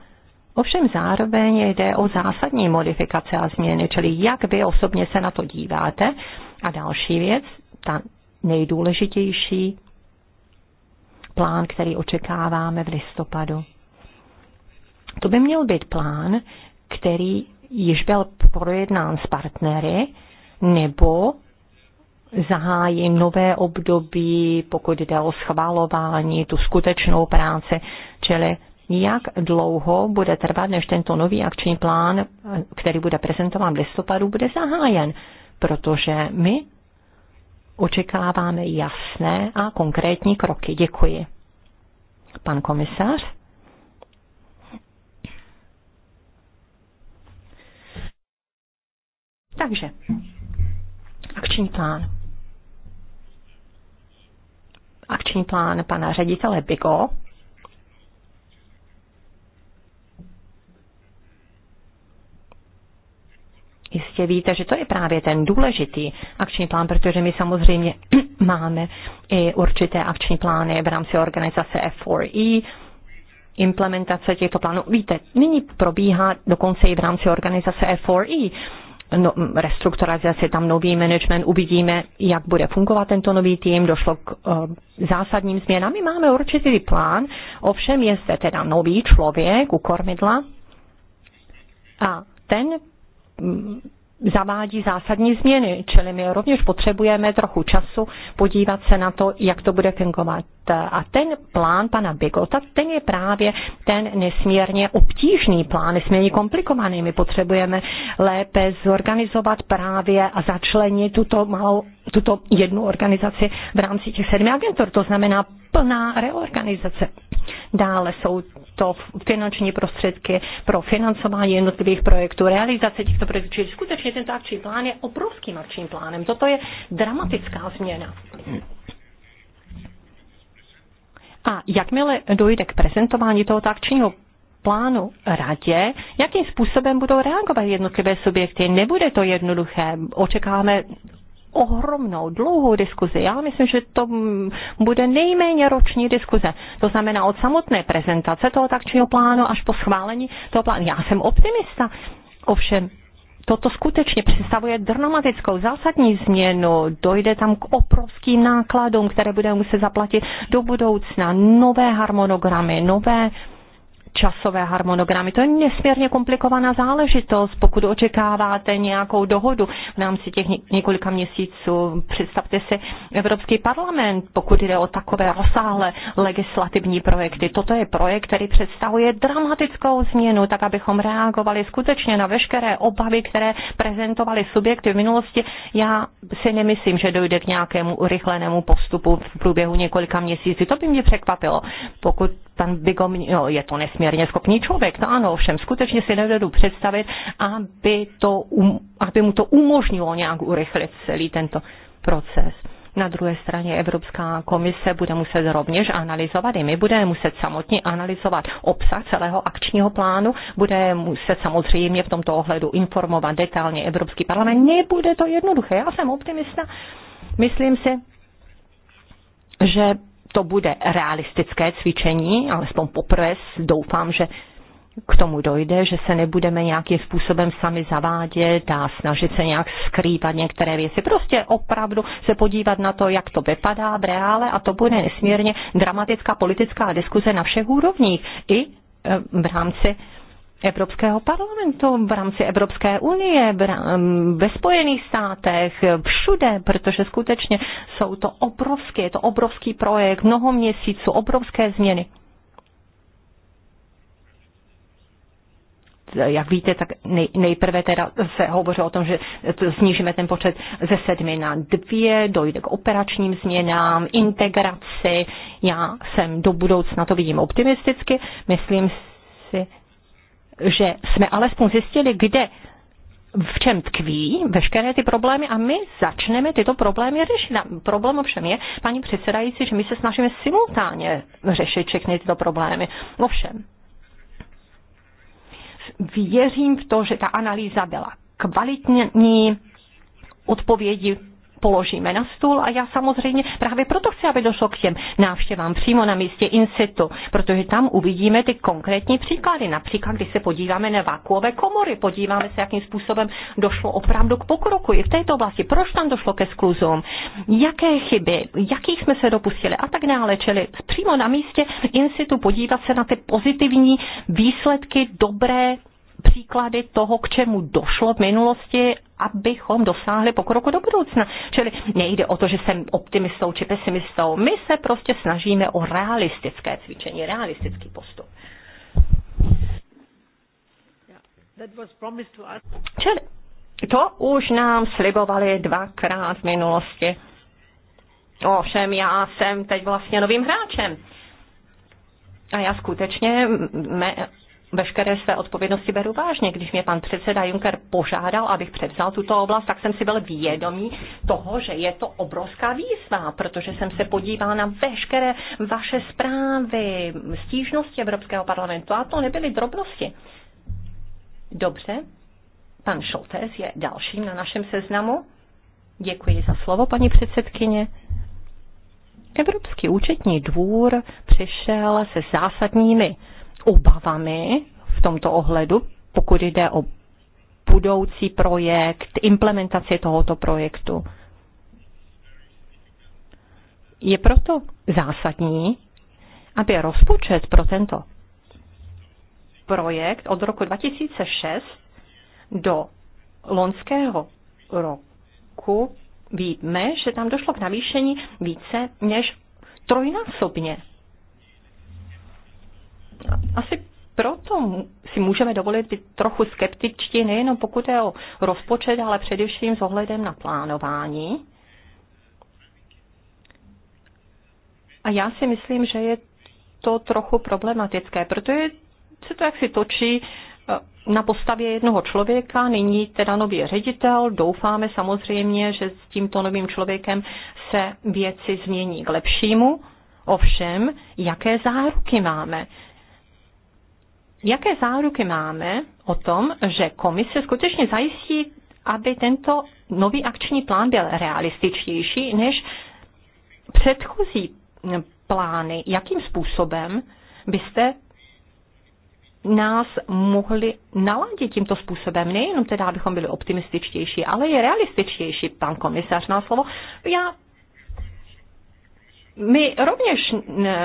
Ovšem zároveň jde o zásadní modifikace a změny, čili jak vy osobně se na to díváte. A další věc, ta nejdůležitější, plán, který očekáváme v listopadu. To by měl být plán, který již byl projednán s partnery nebo zahájí nové období, pokud jde o schvalování, tu skutečnou práci, čili jak dlouho bude trvat, než tento nový akční plán, který bude prezentován v listopadu, bude zahájen. Protože my očekáváme jasné a konkrétní kroky. Děkuji. Pan komisař? Takže, akční plán. Akční plán pana ředitele Bigo jistě víte, že to je právě ten důležitý akční plán, protože my samozřejmě máme i určité akční plány v rámci organizace F4E, implementace těchto plánů. Víte, nyní probíhá dokonce i v rámci organizace F4E no, restrukturalizace, tam nový management, uvidíme, jak bude fungovat tento nový tým, došlo k uh, zásadním změnám. My máme určitý plán, ovšem je zde teda nový člověk u kormidla a ten zavádí zásadní změny, čili my rovněž potřebujeme trochu času podívat se na to, jak to bude fungovat. A ten plán pana Bigota, ten je právě ten nesmírně obtížný plán, nesmírně komplikovaný. My potřebujeme lépe zorganizovat právě a začlenit tuto malou tuto jednu organizaci v rámci těch sedmi agentur. To znamená plná reorganizace. Dále jsou to finanční prostředky pro financování jednotlivých projektů, realizace těchto projektů. Čili skutečně tento akční plán je obrovským akčním plánem. Toto je dramatická změna. A jakmile dojde k prezentování tohoto akčního plánu radě, jakým způsobem budou reagovat jednotlivé subjekty. Nebude to jednoduché. Očekáváme ohromnou, dlouhou diskuzi. Já myslím, že to bude nejméně roční diskuze. To znamená od samotné prezentace toho takčního plánu až po schválení toho plánu. Já jsem optimista. Ovšem, toto skutečně představuje dramatickou zásadní změnu. Dojde tam k obrovským nákladům, které budeme muset zaplatit do budoucna. Nové harmonogramy, nové časové harmonogramy. To je nesmírně komplikovaná záležitost, pokud očekáváte nějakou dohodu v rámci těch několika měsíců. Představte si Evropský parlament, pokud jde o takové rozsáhlé legislativní projekty. Toto je projekt, který představuje dramatickou změnu, tak abychom reagovali skutečně na veškeré obavy, které prezentovaly subjekty v minulosti. Já si nemyslím, že dojde k nějakému urychlenému postupu v průběhu několika měsíců. To by mě překvapilo, pokud pan Bigom, jo, no, je to nesmírně nesmírně schopný člověk. To no ano, ovšem skutečně si nedodu představit, aby, to, um, aby mu to umožnilo nějak urychlit celý tento proces. Na druhé straně Evropská komise bude muset rovněž analyzovat, i my budeme muset samotně analyzovat obsah celého akčního plánu, bude muset samozřejmě v tomto ohledu informovat detailně Evropský parlament. Nebude to jednoduché, já jsem optimista. Myslím si, že to bude realistické cvičení, alespoň poprvé doufám, že k tomu dojde, že se nebudeme nějakým způsobem sami zavádět a snažit se nějak skrývat některé věci. Prostě opravdu se podívat na to, jak to vypadá v reále a to bude nesmírně dramatická politická diskuze na všech úrovních i eh, v rámci Evropského parlamentu, v rámci Evropské unie, ve Spojených státech, všude, protože skutečně jsou to obrovské, je to obrovský projekt, mnoho měsíců, obrovské změny. jak víte, tak nej, nejprve teda se hovoří o tom, že snížíme ten počet ze sedmi na dvě, dojde k operačním změnám, integraci. Já jsem do budoucna to vidím optimisticky. Myslím si, že jsme alespoň zjistili, kde v čem tkví veškeré ty problémy a my začneme tyto problémy řešit. A problém ovšem je, paní předsedající, že my se snažíme simultánně řešit všechny tyto problémy. Ovšem, věřím v to, že ta analýza byla kvalitní, odpovědi položíme na stůl a já samozřejmě právě proto chci, aby došlo k těm návštěvám přímo na místě in situ, protože tam uvidíme ty konkrétní příklady. Například, když se podíváme na vakuové komory, podíváme se, jakým způsobem došlo opravdu k pokroku i v této oblasti, proč tam došlo ke skluzům, jaké chyby, jakých jsme se dopustili a tak dále. Čili přímo na místě in situ podívat se na ty pozitivní výsledky, dobré příklady toho, k čemu došlo v minulosti, abychom dosáhli pokroku do budoucna. Čili nejde o to, že jsem optimistou či pesimistou. My se prostě snažíme o realistické cvičení, realistický postup. Čili to už nám slibovali dvakrát v minulosti. Ovšem, já jsem teď vlastně novým hráčem. A já skutečně, mé, veškeré své odpovědnosti beru vážně. Když mě pan předseda Juncker požádal, abych převzal tuto oblast, tak jsem si byl vědomý toho, že je to obrovská výzva, protože jsem se podíval na veškeré vaše zprávy, stížnosti Evropského parlamentu a to nebyly drobnosti. Dobře, pan Šoltes je dalším na našem seznamu. Děkuji za slovo, paní předsedkyně. Evropský účetní dvůr přišel se zásadními obavami v tomto ohledu, pokud jde o budoucí projekt, implementaci tohoto projektu. Je proto zásadní, aby rozpočet pro tento projekt od roku 2006 do lonského roku víme, že tam došlo k navýšení více než trojnásobně asi proto si můžeme dovolit být trochu skeptičtí, nejenom pokud je o rozpočet, ale především s ohledem na plánování. A já si myslím, že je to trochu problematické, protože se to jaksi točí eh, na postavě jednoho člověka, nyní teda nový ředitel, doufáme samozřejmě, že s tímto novým člověkem se věci změní k lepšímu, ovšem, jaké záruky máme, jaké záruky máme o tom, že komise skutečně zajistí, aby tento nový akční plán byl realističtější než předchozí plány? Jakým způsobem byste nás mohli naladit tímto způsobem, nejenom teda, abychom byli optimističtější, ale i realističtější, pan komisař má slovo. Já my rovněž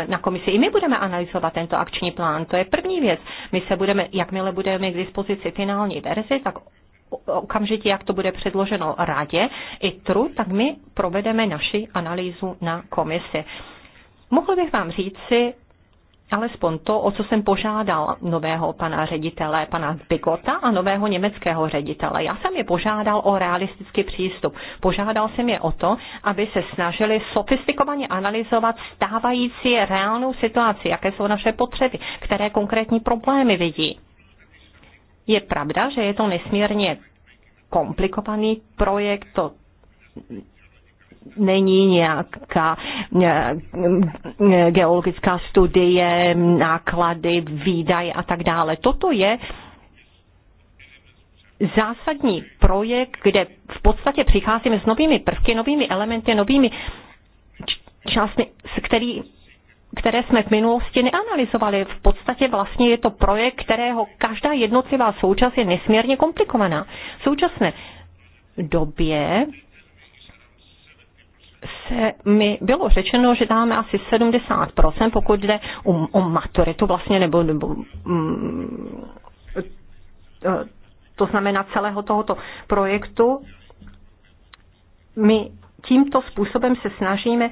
na komisi, i my budeme analyzovat tento akční plán, to je první věc. My se budeme, jakmile budeme k dispozici finální verzi, tak okamžitě, jak to bude předloženo radě, i tru, tak my provedeme naši analýzu na komisi. Mohl bych vám říci, alespoň to, o co jsem požádal nového pana ředitele, pana Bigota a nového německého ředitele. Já jsem je požádal o realistický přístup. Požádal jsem je o to, aby se snažili sofistikovaně analyzovat stávající reálnou situaci, jaké jsou naše potřeby, které konkrétní problémy vidí. Je pravda, že je to nesmírně komplikovaný projekt, to není nějaká eh, eh, geologická studie, náklady, výdaje a tak dále. Toto je zásadní projekt, kde v podstatě přicházíme s novými prvky, novými elementy, novými částmi, který, které jsme v minulosti neanalyzovali. V podstatě vlastně je to projekt, kterého každá jednotlivá součást je nesmírně komplikovaná. V současné době se mi bylo řečeno, že dáme asi 70%, pokud jde o, o maturitu vlastně, nebo, nebo mm, eh, to znamená celého tohoto projektu. My tímto způsobem se snažíme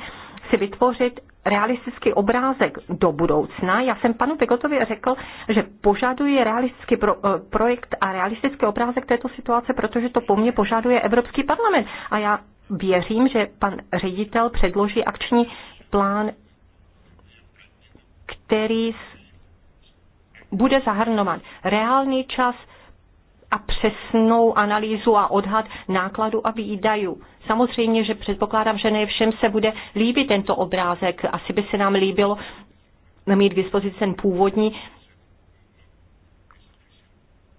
si vytvořit realistický obrázek do budoucna. Já jsem panu Pegotovi řekl, že požaduje realistický pro, eh, projekt a realistický obrázek této situace, protože to po mně požaduje Evropský parlament. A já věřím, že pan ředitel předloží akční plán, který bude zahrnovat reálný čas a přesnou analýzu a odhad nákladu a výdajů. Samozřejmě, že předpokládám, že ne všem se bude líbit tento obrázek. Asi by se nám líbilo mít k dispozici ten původní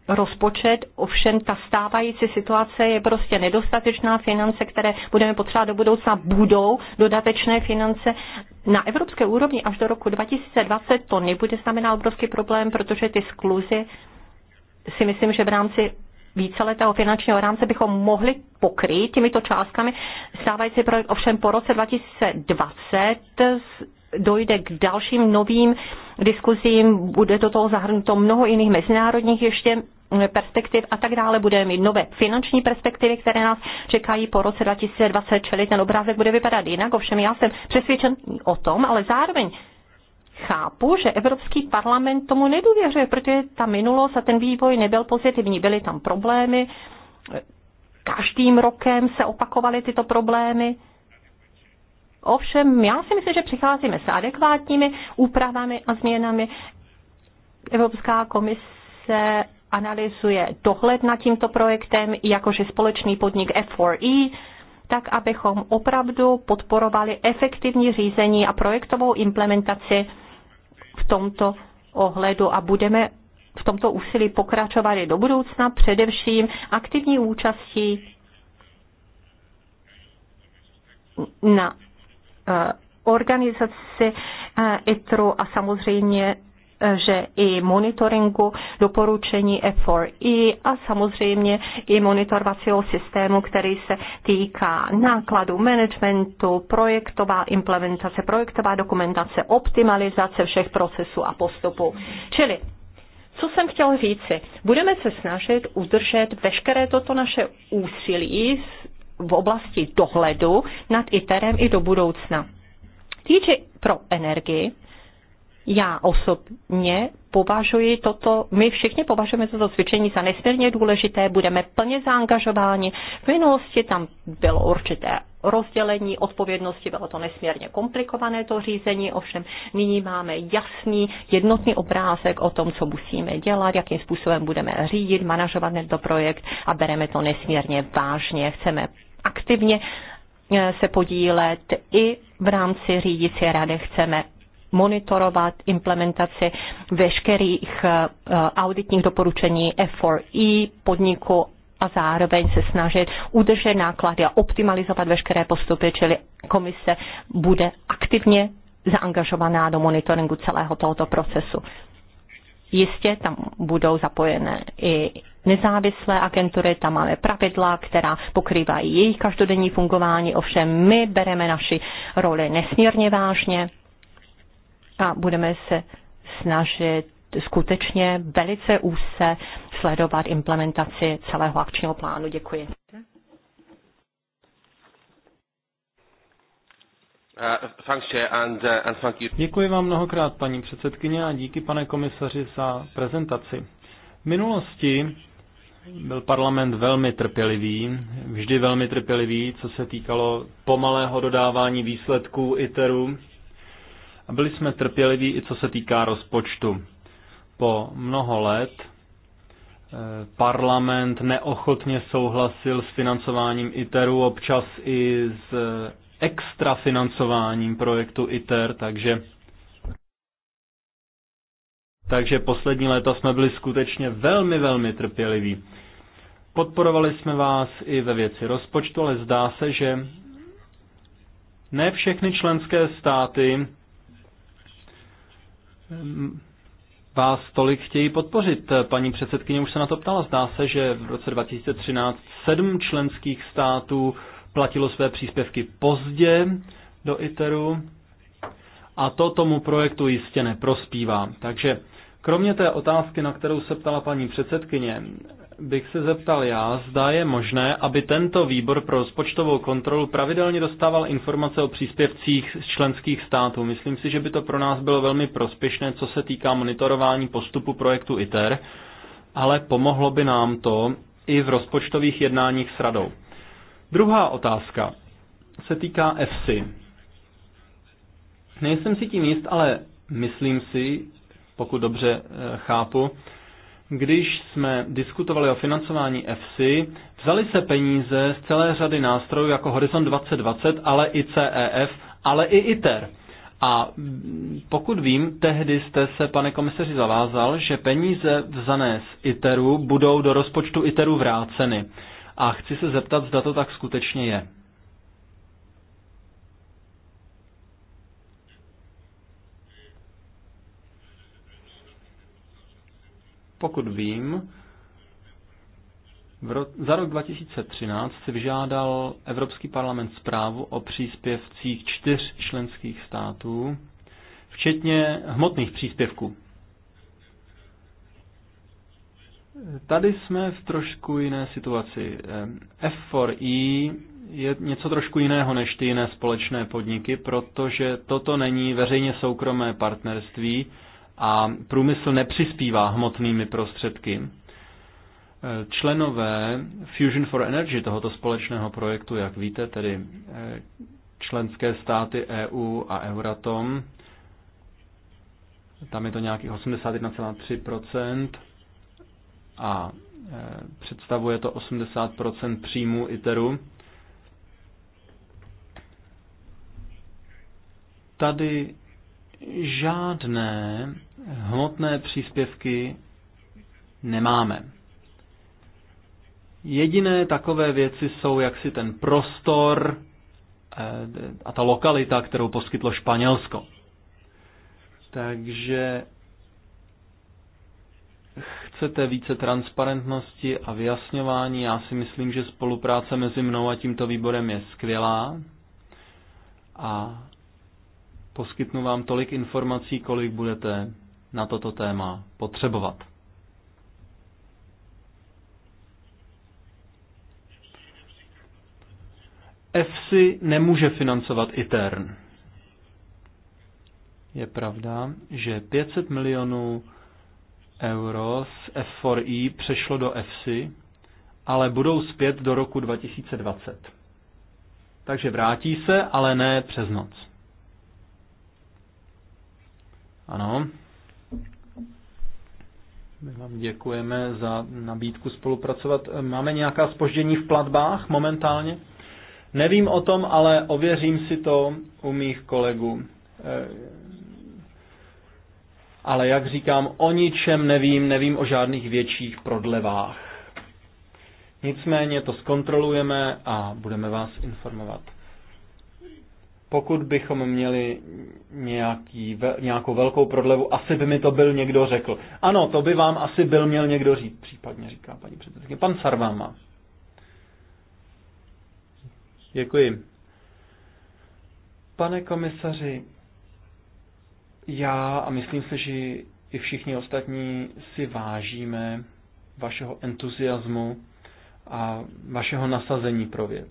rozpočet, ovšem ta stávající situace je prostě nedostatečná. Finance, které budeme potřebovat do budoucna, budou dodatečné finance. Na evropské úrovni až do roku 2020 to nebude znamenat obrovský problém, protože ty skluzy si myslím, že v rámci víceletého finančního rámce bychom mohli pokrýt těmito částkami. Stávající projekt ovšem po roce 2020 dojde k dalším novým diskuzím, bude do toho zahrnuto mnoho jiných mezinárodních ještě perspektiv a tak dále. Budeme mít nové finanční perspektivy, které nás čekají po roce 2020, čili ten obrázek bude vypadat jinak. Ovšem já jsem přesvědčen o tom, ale zároveň chápu, že Evropský parlament tomu nedůvěřuje, protože ta minulost a ten vývoj nebyl pozitivní. Byly tam problémy, každým rokem se opakovaly tyto problémy. Ovšem, já si myslím, že přicházíme s adekvátními úpravami a změnami. Evropská komise analyzuje dohled nad tímto projektem, jakože společný podnik F4E, tak abychom opravdu podporovali efektivní řízení a projektovou implementaci v tomto ohledu a budeme v tomto úsilí pokračovat i do budoucna, především aktivní účastí na Eh, organizaci eh, ITRU a samozřejmě eh, že i monitoringu doporučení F4I a samozřejmě i monitorovacího systému, který se týká nákladu managementu, projektová implementace, projektová dokumentace, optimalizace všech procesů a postupů. Čili co jsem chtěl říci? Budeme se snažit udržet veškeré toto naše úsilí v oblasti dohledu nad ITERem i do budoucna. Týče pro energii, já osobně považuji toto, my všichni považujeme toto cvičení za nesmírně důležité, budeme plně zaangažováni. V minulosti tam bylo určité rozdělení odpovědnosti, bylo to nesmírně komplikované to řízení, ovšem nyní máme jasný, jednotný obrázek o tom, co musíme dělat, jakým způsobem budeme řídit, manažovat tento projekt a bereme to nesmírně vážně. Chceme aktivně eh, se podílet i v rámci řídící rady. Chceme monitorovat implementaci veškerých eh, auditních doporučení F4E podniku a zároveň se snažit udržet náklady a optimalizovat veškeré postupy, čili komise bude aktivně zaangažovaná do monitoringu celého tohoto procesu. Jistě tam budou zapojené i nezávislé agentury, tam máme pravidla, která pokrývají jejich každodenní fungování, ovšem my bereme naši roli nesmírně vážně a budeme se snažit skutečně velice úzce sledovat implementaci celého akčního plánu. Děkuji. Uh, uh, Děkuji vám mnohokrát, paní předsedkyně, a díky, pane komisaři, za prezentaci. V minulosti byl parlament velmi trpělivý, vždy velmi trpělivý, co se týkalo pomalého dodávání výsledků ITERu. A byli jsme trpěliví i co se týká rozpočtu. Po mnoho let eh, parlament neochotně souhlasil s financováním ITERu, občas i s eh, extrafinancováním projektu ITER, takže takže poslední léta jsme byli skutečně velmi, velmi trpěliví. Podporovali jsme vás i ve věci rozpočtu, ale zdá se, že ne všechny členské státy mm, vás tolik chtějí podpořit. Paní předsedkyně už se na to ptala. Zdá se, že v roce 2013 sedm členských států platilo své příspěvky pozdě do ITERu a to tomu projektu jistě neprospívá. Takže Kromě té otázky, na kterou se ptala paní předsedkyně, bych se zeptal já, zda je možné, aby tento výbor pro rozpočtovou kontrolu pravidelně dostával informace o příspěvcích z členských států. Myslím si, že by to pro nás bylo velmi prospěšné, co se týká monitorování postupu projektu ITER, ale pomohlo by nám to i v rozpočtových jednáních s radou. Druhá otázka se týká EFSI. Nejsem si tím jist, ale myslím si, pokud dobře eh, chápu. Když jsme diskutovali o financování EFSI, vzali se peníze z celé řady nástrojů jako Horizon 2020, ale i CEF, ale i ITER. A pokud vím, tehdy jste se, pane komisaři, zavázal, že peníze vzané z ITERu budou do rozpočtu ITERu vráceny. A chci se zeptat, zda to tak skutečně je. pokud vím, v ro- za rok 2013 si vyžádal Evropský parlament zprávu o příspěvcích čtyř členských států, včetně hmotných příspěvků. Tady jsme v trošku jiné situaci. f 4 e je něco trošku jiného než ty jiné společné podniky, protože toto není veřejně soukromé partnerství, a průmysl nepřispívá hmotnými prostředky. E, členové Fusion for Energy tohoto společného projektu, jak víte, tedy e, členské státy EU a Euratom, tam je to nějakých 81,3% a e, představuje to 80% příjmů ITERu. Tady žádné hmotné příspěvky nemáme. Jediné takové věci jsou jaksi ten prostor eh, a ta lokalita, kterou poskytlo Španělsko. Takže chcete více transparentnosti a vyjasňování, já si myslím, že spolupráce mezi mnou a tímto výborem je skvělá a poskytnu vám tolik informací, kolik budete na toto téma potřebovat. EFSI nemůže financovat ITERN. Je pravda, že 500 milionů euro z F4I e přešlo do EFSI, ale budou zpět do roku 2020. Takže vrátí se, ale ne přes noc. Ano. My vám děkujeme za nabídku spolupracovat. Máme nějaká spoždění v platbách momentálně? Nevím o tom, ale ověřím si to u mých kolegů. Eh, ale jak říkám, o ničem nevím, nevím o žádných větších prodlevách. Nicméně to zkontrolujeme a budeme vás informovat. Pokud bychom měli nějaký, nějakou velkou prodlevu, asi by mi to byl někdo řekl. Ano, to by vám asi byl měl někdo říct, případně říká paní předsedkyně. Pan Sarváma. Děkuji. Pane komisaři, já a myslím si, že i všichni ostatní si vážíme vašeho entuziasmu a vašeho nasazení pro věc.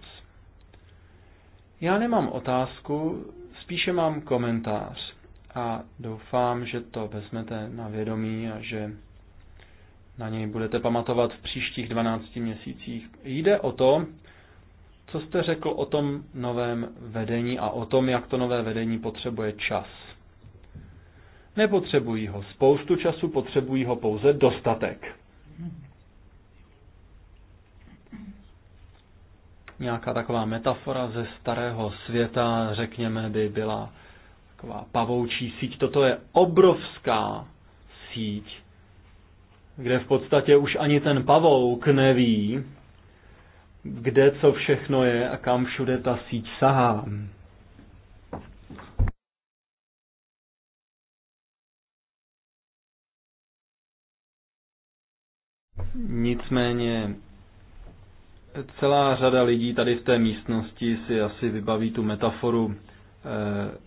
Já nemám otázku, spíše mám komentář a doufám, že to vezmete na vědomí a že na něj budete pamatovat v příštích 12 měsících. Jde o to, co jste řekl o tom novém vedení a o tom, jak to nové vedení potřebuje čas. Nepotřebují ho spoustu času, potřebují ho pouze dostatek. Nějaká taková metafora ze starého světa, řekněme, by byla taková pavoučí síť. Toto je obrovská síť, kde v podstatě už ani ten pavouk neví, kde co všechno je a kam všude ta síť sahá. Nicméně Celá řada lidí tady v té místnosti si asi vybaví tu metaforu eh,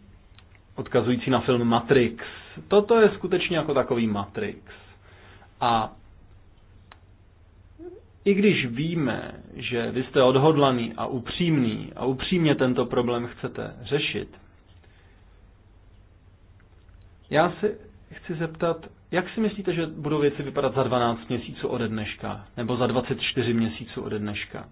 odkazující na film Matrix. Toto je skutečně jako takový Matrix. A i když víme, že vy jste odhodlaný a upřímný a upřímně tento problém chcete řešit, já se chci zeptat, jak si myslíte, že budou věci vypadat za 12 měsíců ode dneška? Nebo za 24 měsíců ode dneška?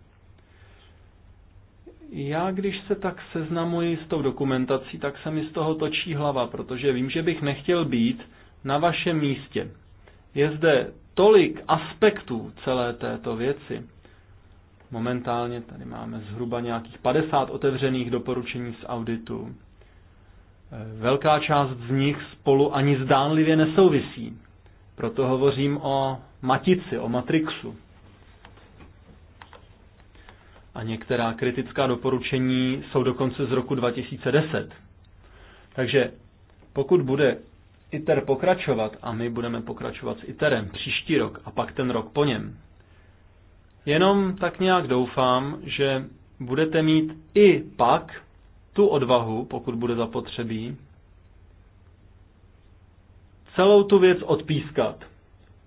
Já, když se tak seznamuji s tou dokumentací, tak se mi z toho točí hlava, protože vím, že bych nechtěl být na vašem místě. Je zde tolik aspektů celé této věci. Momentálně tady máme zhruba nějakých 50 otevřených doporučení z auditu. Velká část z nich spolu ani zdánlivě nesouvisí. Proto hovořím o matici, o matrixu. A některá kritická doporučení jsou dokonce z roku 2010. Takže pokud bude ITER pokračovat a my budeme pokračovat s ITERem příští rok a pak ten rok po něm, jenom tak nějak doufám, že budete mít i pak tu odvahu, pokud bude zapotřebí, celou tu věc odpískat,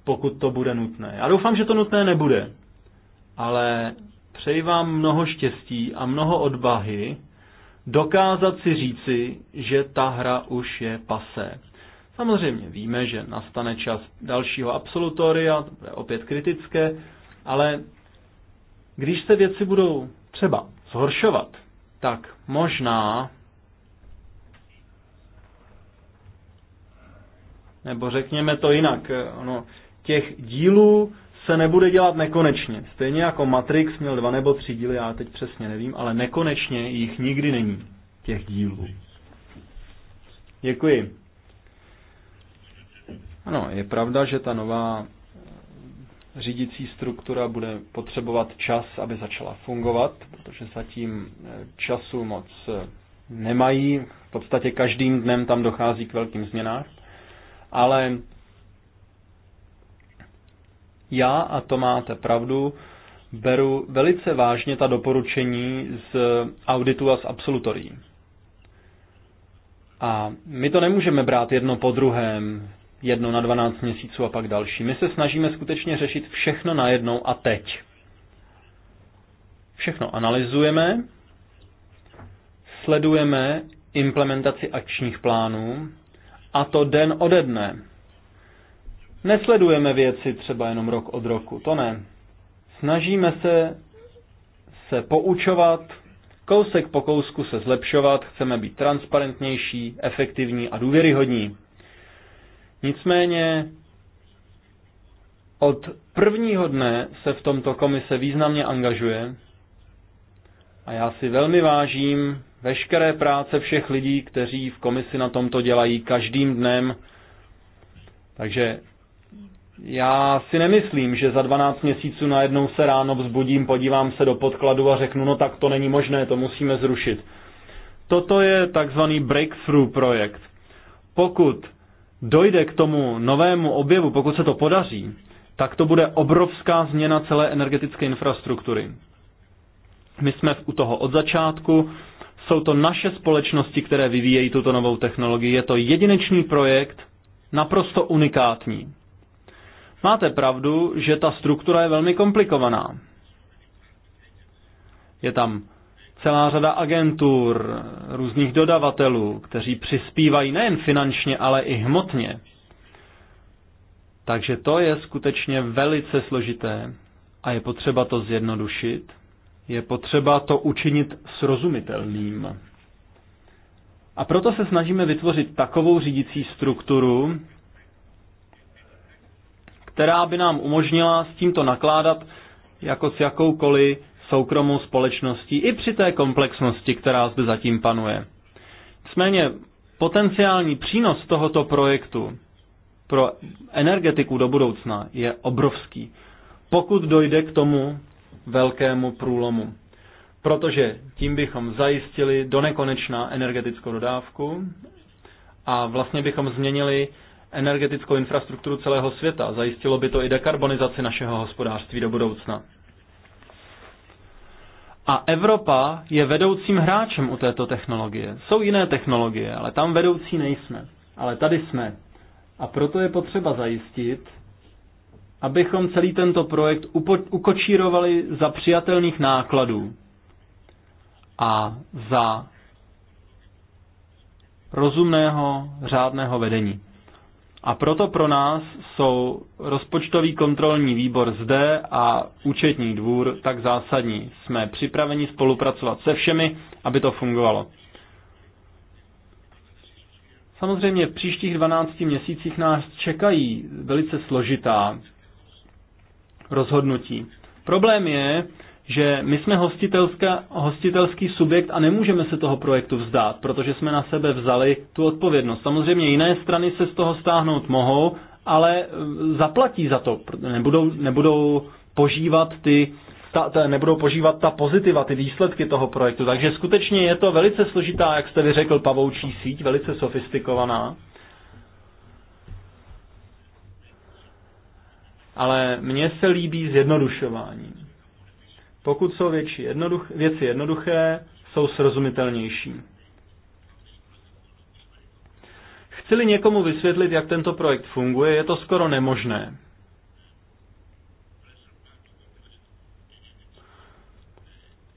pokud to bude nutné. Já doufám, že to nutné nebude, ale přeji vám mnoho štěstí a mnoho odvahy dokázat si říci, že ta hra už je pasé. Samozřejmě víme, že nastane čas dalšího absolutoria, to bude opět kritické, ale když se věci budou třeba zhoršovat, tak možná, nebo řekněme to jinak, eh, ono, těch dílů se nebude dělat nekonečně. Stejně jako Matrix měl dva nebo tři díly, já teď přesně nevím, ale nekonečně jich nikdy není, těch dílů. Děkuji. Ano, je pravda, že ta nová řídící struktura bude potřebovat čas, aby začala fungovat, protože zatím eh, času moc eh, nemají. V podstatě každým dnem tam dochází k velkým změnám. Ale já, a to máte pravdu, beru velice vážně ta doporučení z auditu a z absolutorií. A my to nemůžeme brát jedno po druhém jedno na 12 měsíců a pak další. My se snažíme skutečně řešit všechno najednou a teď. Všechno analyzujeme, sledujeme implementaci akčních plánů a to den ode dne. Nesledujeme věci třeba jenom rok od roku, to ne. Snažíme se se poučovat, kousek po kousku se zlepšovat, chceme být transparentnější, efektivní a důvěryhodní. Nicméně od prvního dne se v tomto komise významně angažuje a já si velmi vážím veškeré práce všech lidí, kteří v komisi na tomto dělají každým dnem. Takže já si nemyslím, že za 12 měsíců najednou se ráno vzbudím, podívám se do podkladu a řeknu, no tak to není možné, to musíme zrušit. Toto je takzvaný breakthrough projekt. Pokud dojde k tomu novému objevu, pokud se to podaří, tak to bude obrovská změna celé energetické infrastruktury. My jsme u toho od začátku, jsou to naše společnosti, které vyvíjejí tuto novou technologii. Je to jedinečný projekt, naprosto unikátní. Máte pravdu, že ta struktura je velmi komplikovaná. Je tam celá řada agentur, různých dodavatelů, kteří přispívají nejen finančně, ale i hmotně. Takže to je skutečně velice složité a je potřeba to zjednodušit, je potřeba to učinit srozumitelným. A proto se snažíme vytvořit takovou řídící strukturu, která by nám umožnila s tímto nakládat jako s jakoukoliv soukromou společností i při té komplexnosti, která zde zatím panuje. Nicméně potenciální přínos tohoto projektu pro energetiku do budoucna je obrovský, pokud dojde k tomu velkému průlomu. Protože tím bychom zajistili do energetickou dodávku a vlastně bychom změnili energetickou infrastrukturu celého světa. Zajistilo by to i dekarbonizaci našeho hospodářství do budoucna. A Evropa je vedoucím hráčem u této technologie. Jsou jiné technologie, ale tam vedoucí nejsme. Ale tady jsme. A proto je potřeba zajistit, abychom celý tento projekt ukočírovali za přijatelných nákladů a za rozumného, řádného vedení. A proto pro nás jsou rozpočtový kontrolní výbor zde a účetní dvůr tak zásadní. Jsme připraveni spolupracovat se všemi, aby to fungovalo. Samozřejmě v příštích 12 měsících nás čekají velice složitá rozhodnutí. Problém je, že my jsme hostitelský subjekt a nemůžeme se toho projektu vzdát, protože jsme na sebe vzali tu odpovědnost. Samozřejmě jiné strany se z toho stáhnout mohou, ale eh, zaplatí za to, nebudou, nebudou požívat ty ta, ta, nebudou požívat ta pozitiva, ty výsledky toho projektu. Takže skutečně je to velice složitá, jak jste vyřekl, pavoučí síť, velice sofistikovaná. Ale mně se líbí zjednodušování pokud jsou větší jednoduch, věci jednoduché, jsou srozumitelnější. Chci-li někomu vysvětlit, jak tento projekt funguje, je to skoro nemožné.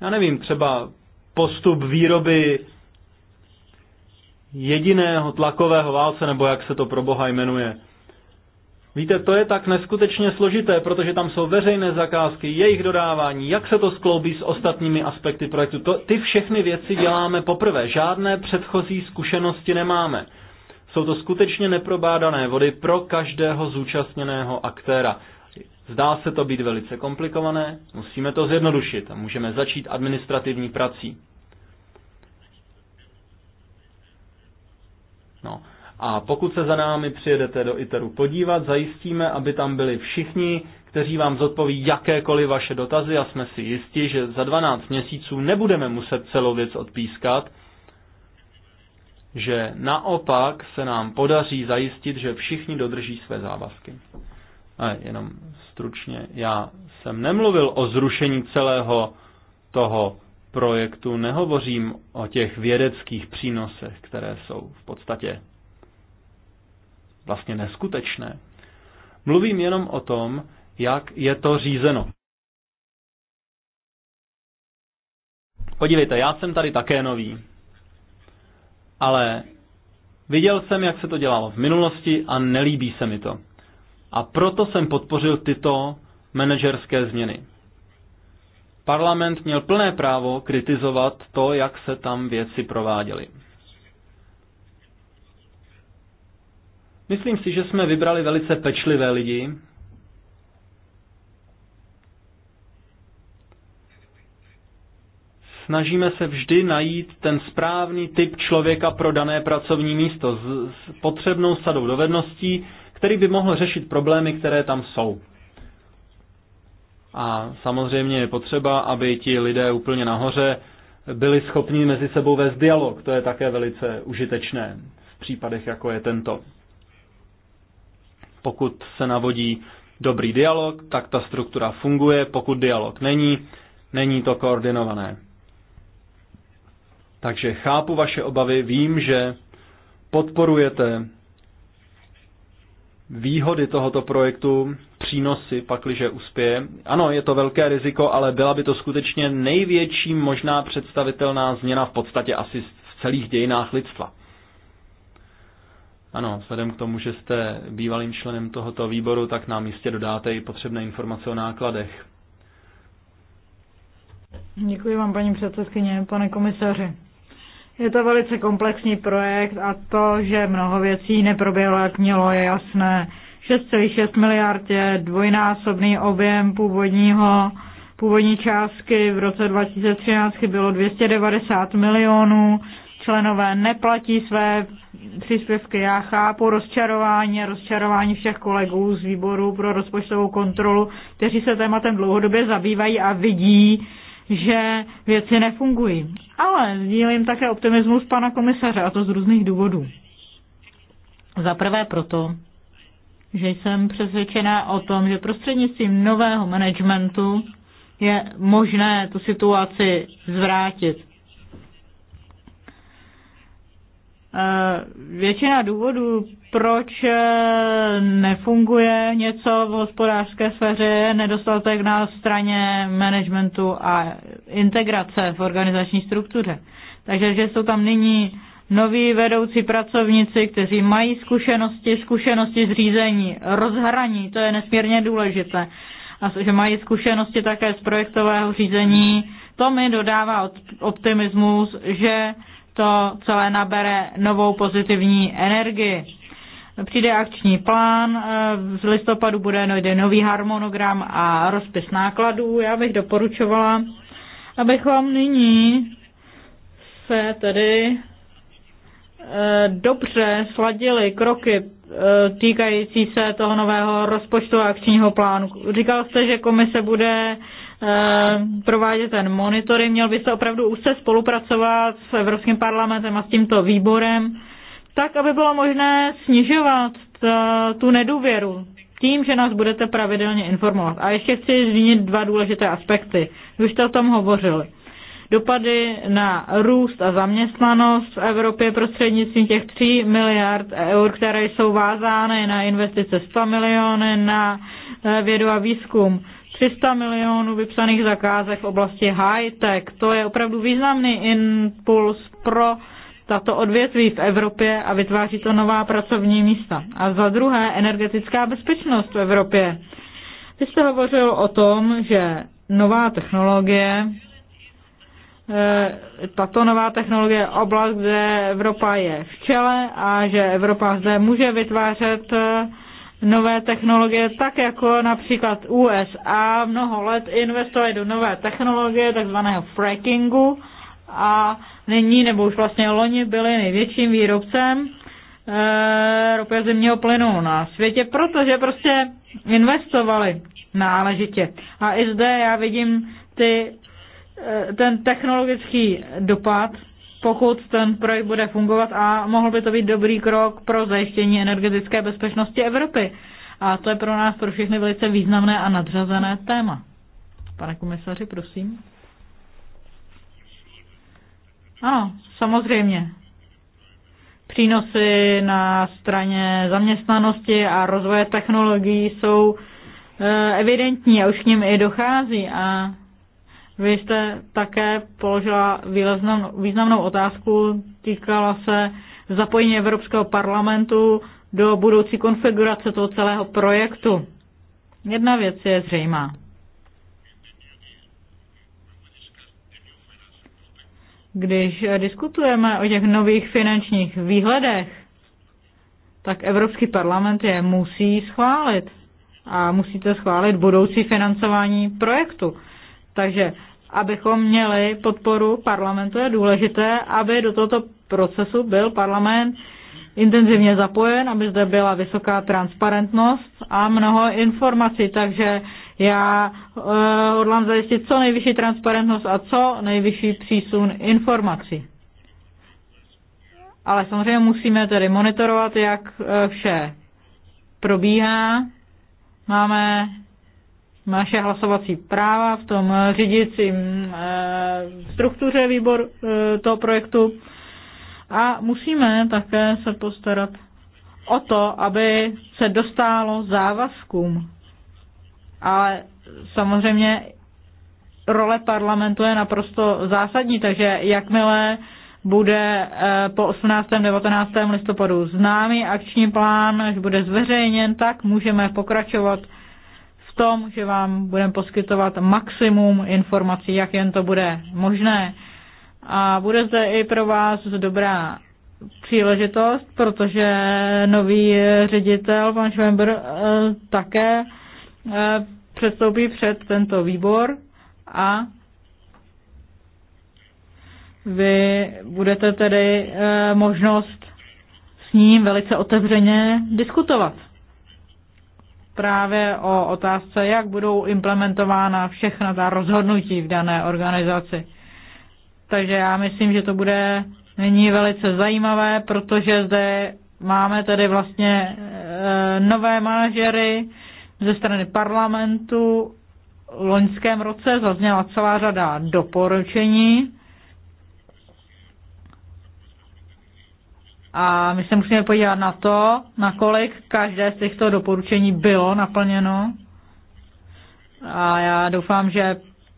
Já nevím, třeba postup výroby jediného tlakového válce, nebo jak se to pro boha jmenuje. Víte, to je tak neskutečně složité, protože tam jsou veřejné zakázky, jejich dodávání, jak se to skloubí s ostatními aspekty projektu. To, ty všechny věci děláme poprvé, žádné předchozí zkušenosti nemáme. Jsou to skutečně neprobádané vody pro každého zúčastněného aktéra. Zdá se to být velice komplikované, musíme to zjednodušit a můžeme začít administrativní prací. No. A pokud se za námi přijedete do ITERu podívat, zajistíme, aby tam byli všichni, kteří vám zodpoví jakékoliv vaše dotazy a jsme si jisti, že za 12 měsíců nebudeme muset celou věc odpískat, že naopak se nám podaří zajistit, že všichni dodrží své závazky. A jenom stručně, já jsem nemluvil o zrušení celého toho projektu, nehovořím o těch vědeckých přínosech, které jsou v podstatě vlastně neskutečné. Mluvím jenom o tom, jak je to řízeno. Podívejte, já jsem tady také nový, ale viděl jsem, jak se to dělalo v minulosti a nelíbí se mi to. A proto jsem podpořil tyto manažerské změny. Parlament měl plné právo kritizovat to, jak se tam věci prováděly. Myslím si, že jsme vybrali velice pečlivé lidi. Snažíme se vždy najít ten správný typ člověka pro dané pracovní místo s, s potřebnou sadou dovedností, který by mohl řešit problémy, které tam jsou. A samozřejmě je potřeba, aby ti lidé úplně nahoře byli schopni mezi sebou vést dialog. To je také velice užitečné v případech, jako je tento. Pokud se navodí dobrý dialog, tak ta struktura funguje, pokud dialog není, není to koordinované. Takže chápu vaše obavy, vím, že podporujete výhody tohoto projektu, přínosy, pakliže uspěje. Ano, je to velké riziko, ale byla by to skutečně největší možná představitelná změna v podstatě asi v celých dějinách lidstva. Ano, vzhledem k tomu, že jste bývalým členem tohoto výboru, tak nám jistě dodáte i potřebné informace o nákladech. Děkuji vám, paní předsedkyně, pane komisaři. Je to velice komplexní projekt a to, že mnoho věcí neproběhlo, jak mělo, je jasné. 6,6 miliard je dvojnásobný objem původního, původní částky. V roce 2013 bylo 290 milionů, členové neplatí své příspěvky. Já chápu rozčarování a rozčarování všech kolegů z výboru pro rozpočtovou kontrolu, kteří se tématem dlouhodobě zabývají a vidí, že věci nefungují. Ale sdílím také optimismus pana komisaře, a to z různých důvodů. Za prvé proto, že jsem přesvědčená o tom, že prostřednictvím nového managementu je možné tu situaci zvrátit. Eh, většina důvodů, proč eh, nefunguje něco v hospodářské sféře, je nedostatek na straně managementu a integrace v organizační struktuře. Takže že jsou tam nyní noví vedoucí pracovníci, kteří mají zkušenosti, zkušenosti z rozhraní, to je nesmírně důležité. A že mají zkušenosti také z projektového řízení, to mi dodává optimismus, že to celé nabere novou pozitivní energii. Přijde akční plán, eh, z listopadu bude nojde nový harmonogram a rozpis nákladů. Já bych doporučovala, abychom nyní se tedy eh, dobře sladili kroky eh, týkající se toho nového rozpočtu a akčního plánu. Říkal jste, že komise bude Eh, provádět ten monitoring, měl by se opravdu úzce spolupracovat s Evropským parlamentem a s tímto výborem, tak, aby bylo možné snižovat eh, tu nedůvěru tím, že nás budete pravidelně informovat. A ještě chci zmínit dva důležité aspekty. Vy jste o tom hovořili. Dopady na růst a zaměstnanost v Evropě prostřednictvím těch 3 miliard eur, které jsou vázány na investice 100 miliony, na eh, vědu a výzkum. 300 milionů vypsaných zakázek v oblasti high-tech. To je opravdu významný impuls pro tato odvětví v Evropě a vytváří to nová pracovní místa. A za druhé, energetická bezpečnost v Evropě. Vy jste hovořil o tom, že nová technologie, eh, tato nová technologie je oblast, kde Evropa je v čele a že Evropa zde může vytvářet eh, nové technologie, tak jako například USA mnoho let investovali do nové technologie, takzvaného frackingu a nyní, nebo už vlastně loni byli největším výrobcem e, ropy zemního plynu na světě, protože prostě investovali náležitě. A i zde já vidím ty, e, ten technologický dopad pokud ten projekt bude fungovat a mohl by to být dobrý krok pro zajištění energetické bezpečnosti Evropy. A to je pro nás, pro všechny velice významné a nadřazené téma. Pane komisaři, prosím. Ano, samozřejmě. Přínosy na straně zaměstnanosti a rozvoje technologií jsou eh, evidentní a už k ním i dochází a vy jste také položila významnou, otázku, týkala se zapojení Evropského parlamentu do budoucí konfigurace toho celého projektu. Jedna věc je zřejmá. Když diskutujeme o těch nových finančních výhledech, tak Evropský parlament je musí schválit. A musíte schválit budoucí financování projektu. Takže abychom měli podporu parlamentu, je důležité, aby do tohoto procesu byl parlament intenzivně zapojen, aby zde byla vysoká transparentnost a mnoho informací, takže já uh, odlám zajistit co nejvyšší transparentnost a co nejvyšší přísun informací. Ale samozřejmě musíme tedy monitorovat, jak eh, vše probíhá. Máme naše hlasovací práva v tom řídícím eh, struktuře výbor eh, toho projektu a musíme také se postarat o to, aby se dostálo závazkům. Ale samozřejmě role parlamentu je naprosto zásadní, takže jakmile bude eh, po 18. 19. listopadu známý akční plán, až bude zveřejněn, tak můžeme pokračovat tom, že vám budeme poskytovat maximum informací, jak jen to bude možné. A bude zde i pro vás dobrá příležitost, protože nový ředitel, pan Švember, eh, také eh, předstoupí před tento výbor a vy budete tedy eh, možnost s ním velice otevřeně diskutovat právě o otázce, jak budou implementována všechna ta rozhodnutí v dané organizaci. Takže já myslím, že to bude nyní velice zajímavé, protože zde máme tedy vlastně e, nové manažery ze strany parlamentu. V loňském roce zazněla celá řada doporučení A my se musíme podívat na to, nakolik každé z těchto doporučení bylo naplněno. A já doufám, že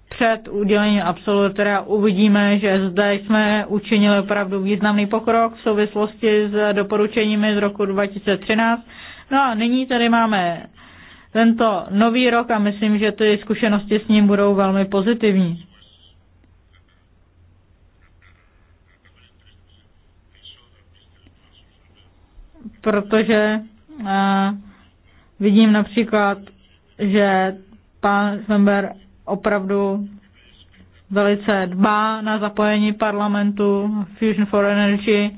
před udělením absolutoria uvidíme, že zde jsme učinili opravdu významný pokrok v souvislosti s doporučeními z roku 2013. No a nyní tady máme tento nový rok a myslím, že ty zkušenosti s ním budou velmi pozitivní. protože eh, vidím například, že pan Svember opravdu velice dbá na zapojení parlamentu Fusion for Energy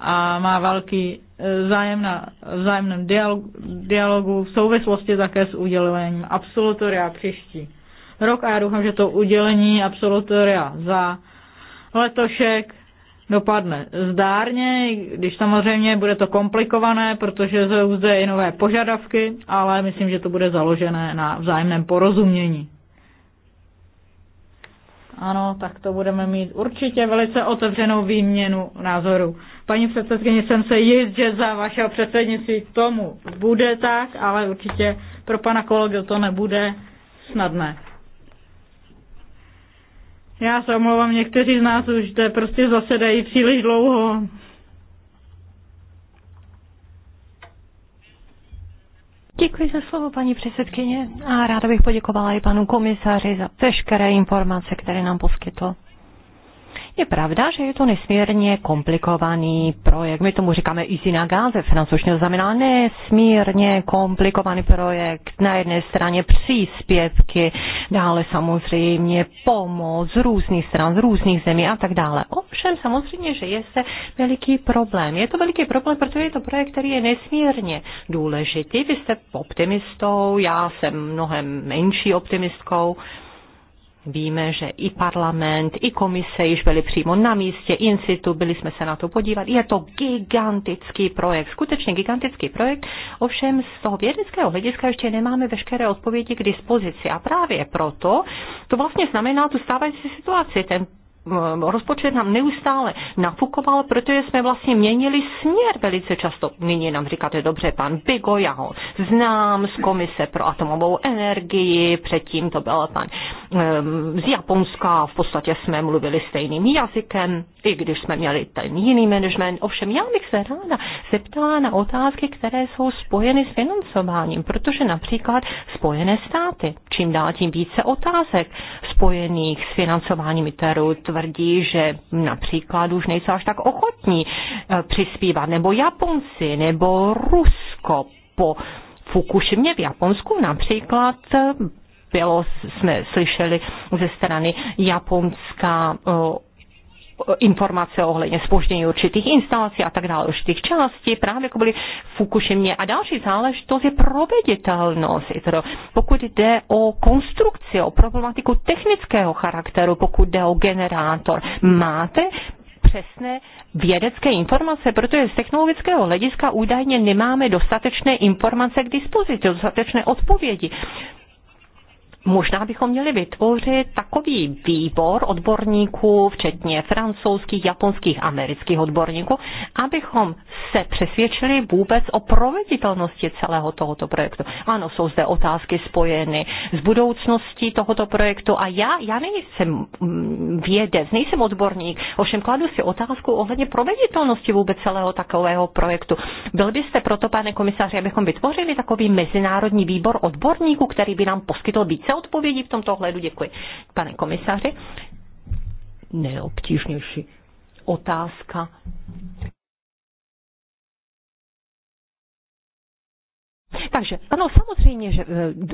a má velký eh, zájem na vzájemném dialogu, dialogu v souvislosti také s udělením absolutoria příští rok a já doufám, že to udělení absolutoria za letošek dopadne zdárně, když samozřejmě bude to komplikované, protože jsou zde i nové požadavky, ale myslím, že to bude založené na vzájemném porozumění. Ano, tak to budeme mít určitě velice otevřenou výměnu názorů. Paní předsedkyně, jsem se jist, že za vašeho předsednictví tomu bude tak, ale určitě pro pana kolegu to nebude snadné. Já se omlouvám, někteří z nás už to prostě zasedají příliš dlouho. Děkuji za slovo, paní předsedkyně, a ráda bych poděkovala i panu komisaři za veškeré informace, které nám poskytl. Je pravda, že je to nesmírně komplikovaný projekt. My tomu říkáme easy na gáze, francouzštině to znamená nesmírně komplikovaný projekt. Na jedné straně příspěvky, dále samozřejmě pomoc z různých stran, z různých zemí a tak dále. Ovšem samozřejmě, že je se veliký problém. Je to veliký problém, protože je to projekt, který je nesmírně důležitý. Vy jste optimistou, já jsem mnohem menší optimistkou. Víme, že i parlament, i komise již byly přímo na místě, situ, byli jsme se na to podívat. Je to gigantický projekt, skutečně gigantický projekt, ovšem z toho vědeckého hlediska ještě nemáme veškeré odpovědi k dispozici a právě proto to vlastně znamená tu stávající situaci. Ten rozpočet nám neustále nafukoval, protože jsme vlastně měnili směr velice často. Nyní nám říkáte, dobře, pan Bigo, já ho znám z Komise pro atomovou energii, předtím to byl pan z Japonska, v podstatě jsme mluvili stejným jazykem, i když jsme měli ten jiný management. Ovšem, já bych se ráda zeptala na otázky, které jsou spojeny s financováním, protože například Spojené státy, čím dál tím více otázek spojených s financováním teru tvrdí, že například už nejsou až tak ochotní eh, přispívat, nebo Japonci, nebo Rusko po Fukušimě v Japonsku například eh, bylo, jsme slyšeli ze strany Japonska eh, informace ohledně spoždění určitých instalací a tak dále, určitých částí, právě jako byly Fukushimě. A další záležitost je proveditelnost. Tedy pokud jde o konstrukci, o problematiku technického charakteru, pokud jde o generátor, máte přesné vědecké informace, protože z technologického hlediska údajně nemáme dostatečné informace k dispozici, dostatečné odpovědi. Možná bychom měli vytvořit takový výbor odborníků, včetně francouzských, japonských, amerických odborníků, abychom se přesvědčili vůbec o proveditelnosti celého tohoto projektu. Ano, jsou zde otázky spojeny s budoucností tohoto projektu a já, já nejsem mm, vědec, nejsem odborník, ovšem kladu si otázku ohledně proveditelnosti vůbec celého takového projektu. Byl byste proto, pane komisaři, abychom vytvořili takový mezinárodní výbor odborníků, který by nám poskytl více odpovědi v tomto ohledu. Děkuji. Pane komisaři, neobtížnější otázka Takže ano, samozřejmě, že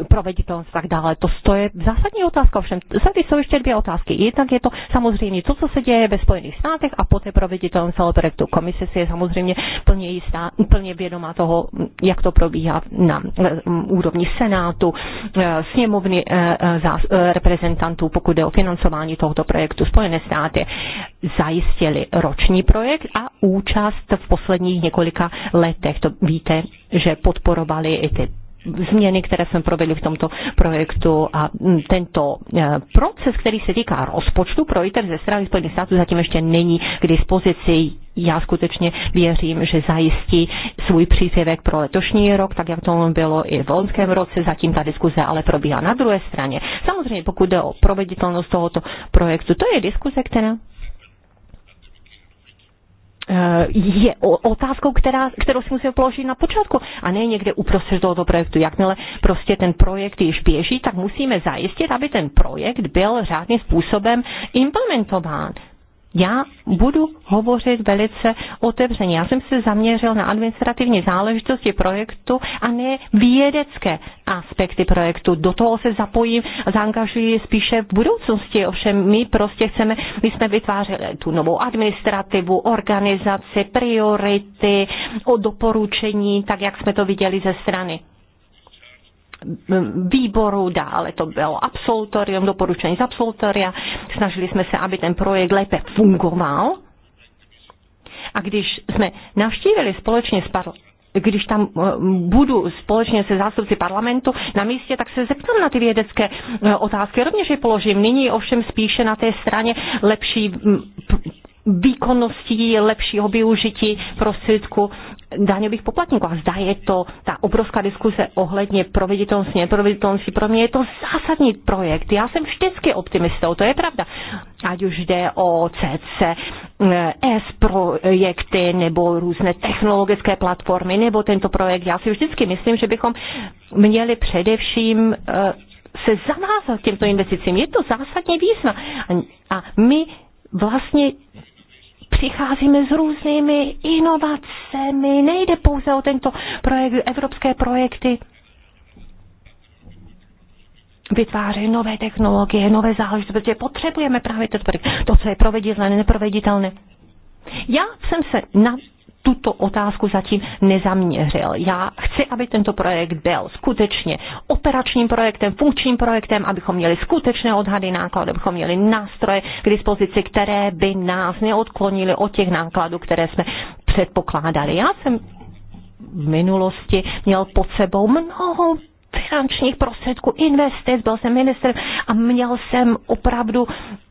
eh, proveditelnost a tak dále, to, to je zásadní otázka. Ovšem, tady jsou ještě dvě otázky. Jednak je to samozřejmě to, co se děje ve Spojených státech a poté proveditelnost celého projektu. Komise si je samozřejmě plně, jistá, plně vědomá toho, jak to probíhá na eh, úrovni Senátu, eh, sněmovny reprezentantů, pokud jde o financování tohoto projektu. Spojené státy zajistili roční projekt a účast v posledních několika letech. To víte že podporovali i ty změny, které jsme provedli v tomto projektu a tento eh, proces, který se týká rozpočtu pro ITER ze strany Spojených států zatím ještě není k dispozici. Já skutečně věřím, že zajistí svůj příspěvek pro letošní rok, tak jak to bylo i v loňském roce, zatím ta diskuze ale probíhá na druhé straně. Samozřejmě pokud jde o proveditelnost tohoto projektu, to je diskuze, která Eh, je otázkou, která, kterou si musíme položit na počátku a ne někde uprostřed tohoto projektu. Jakmile prostě ten projekt již běží, tak musíme zajistit, aby ten projekt byl řádným způsobem implementován. Já budu hovořit velice otevřeně. Já jsem se zaměřil na administrativní záležitosti projektu a ne vědecké aspekty projektu. Do toho se zapojím a zaangažuji spíše v budoucnosti. Ovšem my prostě chceme, my jsme vytvářeli tu novou administrativu, organizaci, priority, o doporučení, tak jak jsme to viděli ze strany výboru, dále to bylo absolutorium, doporučení z absolutoria. Snažili jsme se, aby ten projekt lépe fungoval. A když jsme navštívili společně s parl- když tam eh, budu společně se zástupci parlamentu na místě, tak se zeptám na ty vědecké eh, otázky. Rovněž je položím. Nyní ovšem spíše na té straně lepší výkonností lepšího využití prostředku daňových poplatníků. A zda je to ta obrovská diskuse ohledně proveditelnosti, neproveditelnosti. Pro mě je to zásadní projekt. Já jsem vždycky optimistou, to je pravda. Ať už jde o CC, eh, e S projekty nebo různé technologické platformy nebo tento projekt. Já si vždycky myslím, že bychom měli především eh, se zavázat těmto investicím. Je to zásadně výzva. A my vlastně přicházíme s různými inovacemi, nejde pouze o tento projekt, evropské projekty, vytvářejí nové technologie, nové záležitosti, protože potřebujeme právě to, to co je proveditelné, neproveditelné. Já jsem se na tuto otázku zatím nezaměřil. Já chci, aby tento projekt byl skutečně operačním projektem, funkčním projektem, abychom měli skutečné odhady nákladů, abychom měli nástroje k dispozici, které by nás neodklonily od těch nákladů, které jsme předpokládali. Já jsem v minulosti měl pod sebou mnoho finančních prostředků, investic, byl jsem minister a měl jsem opravdu,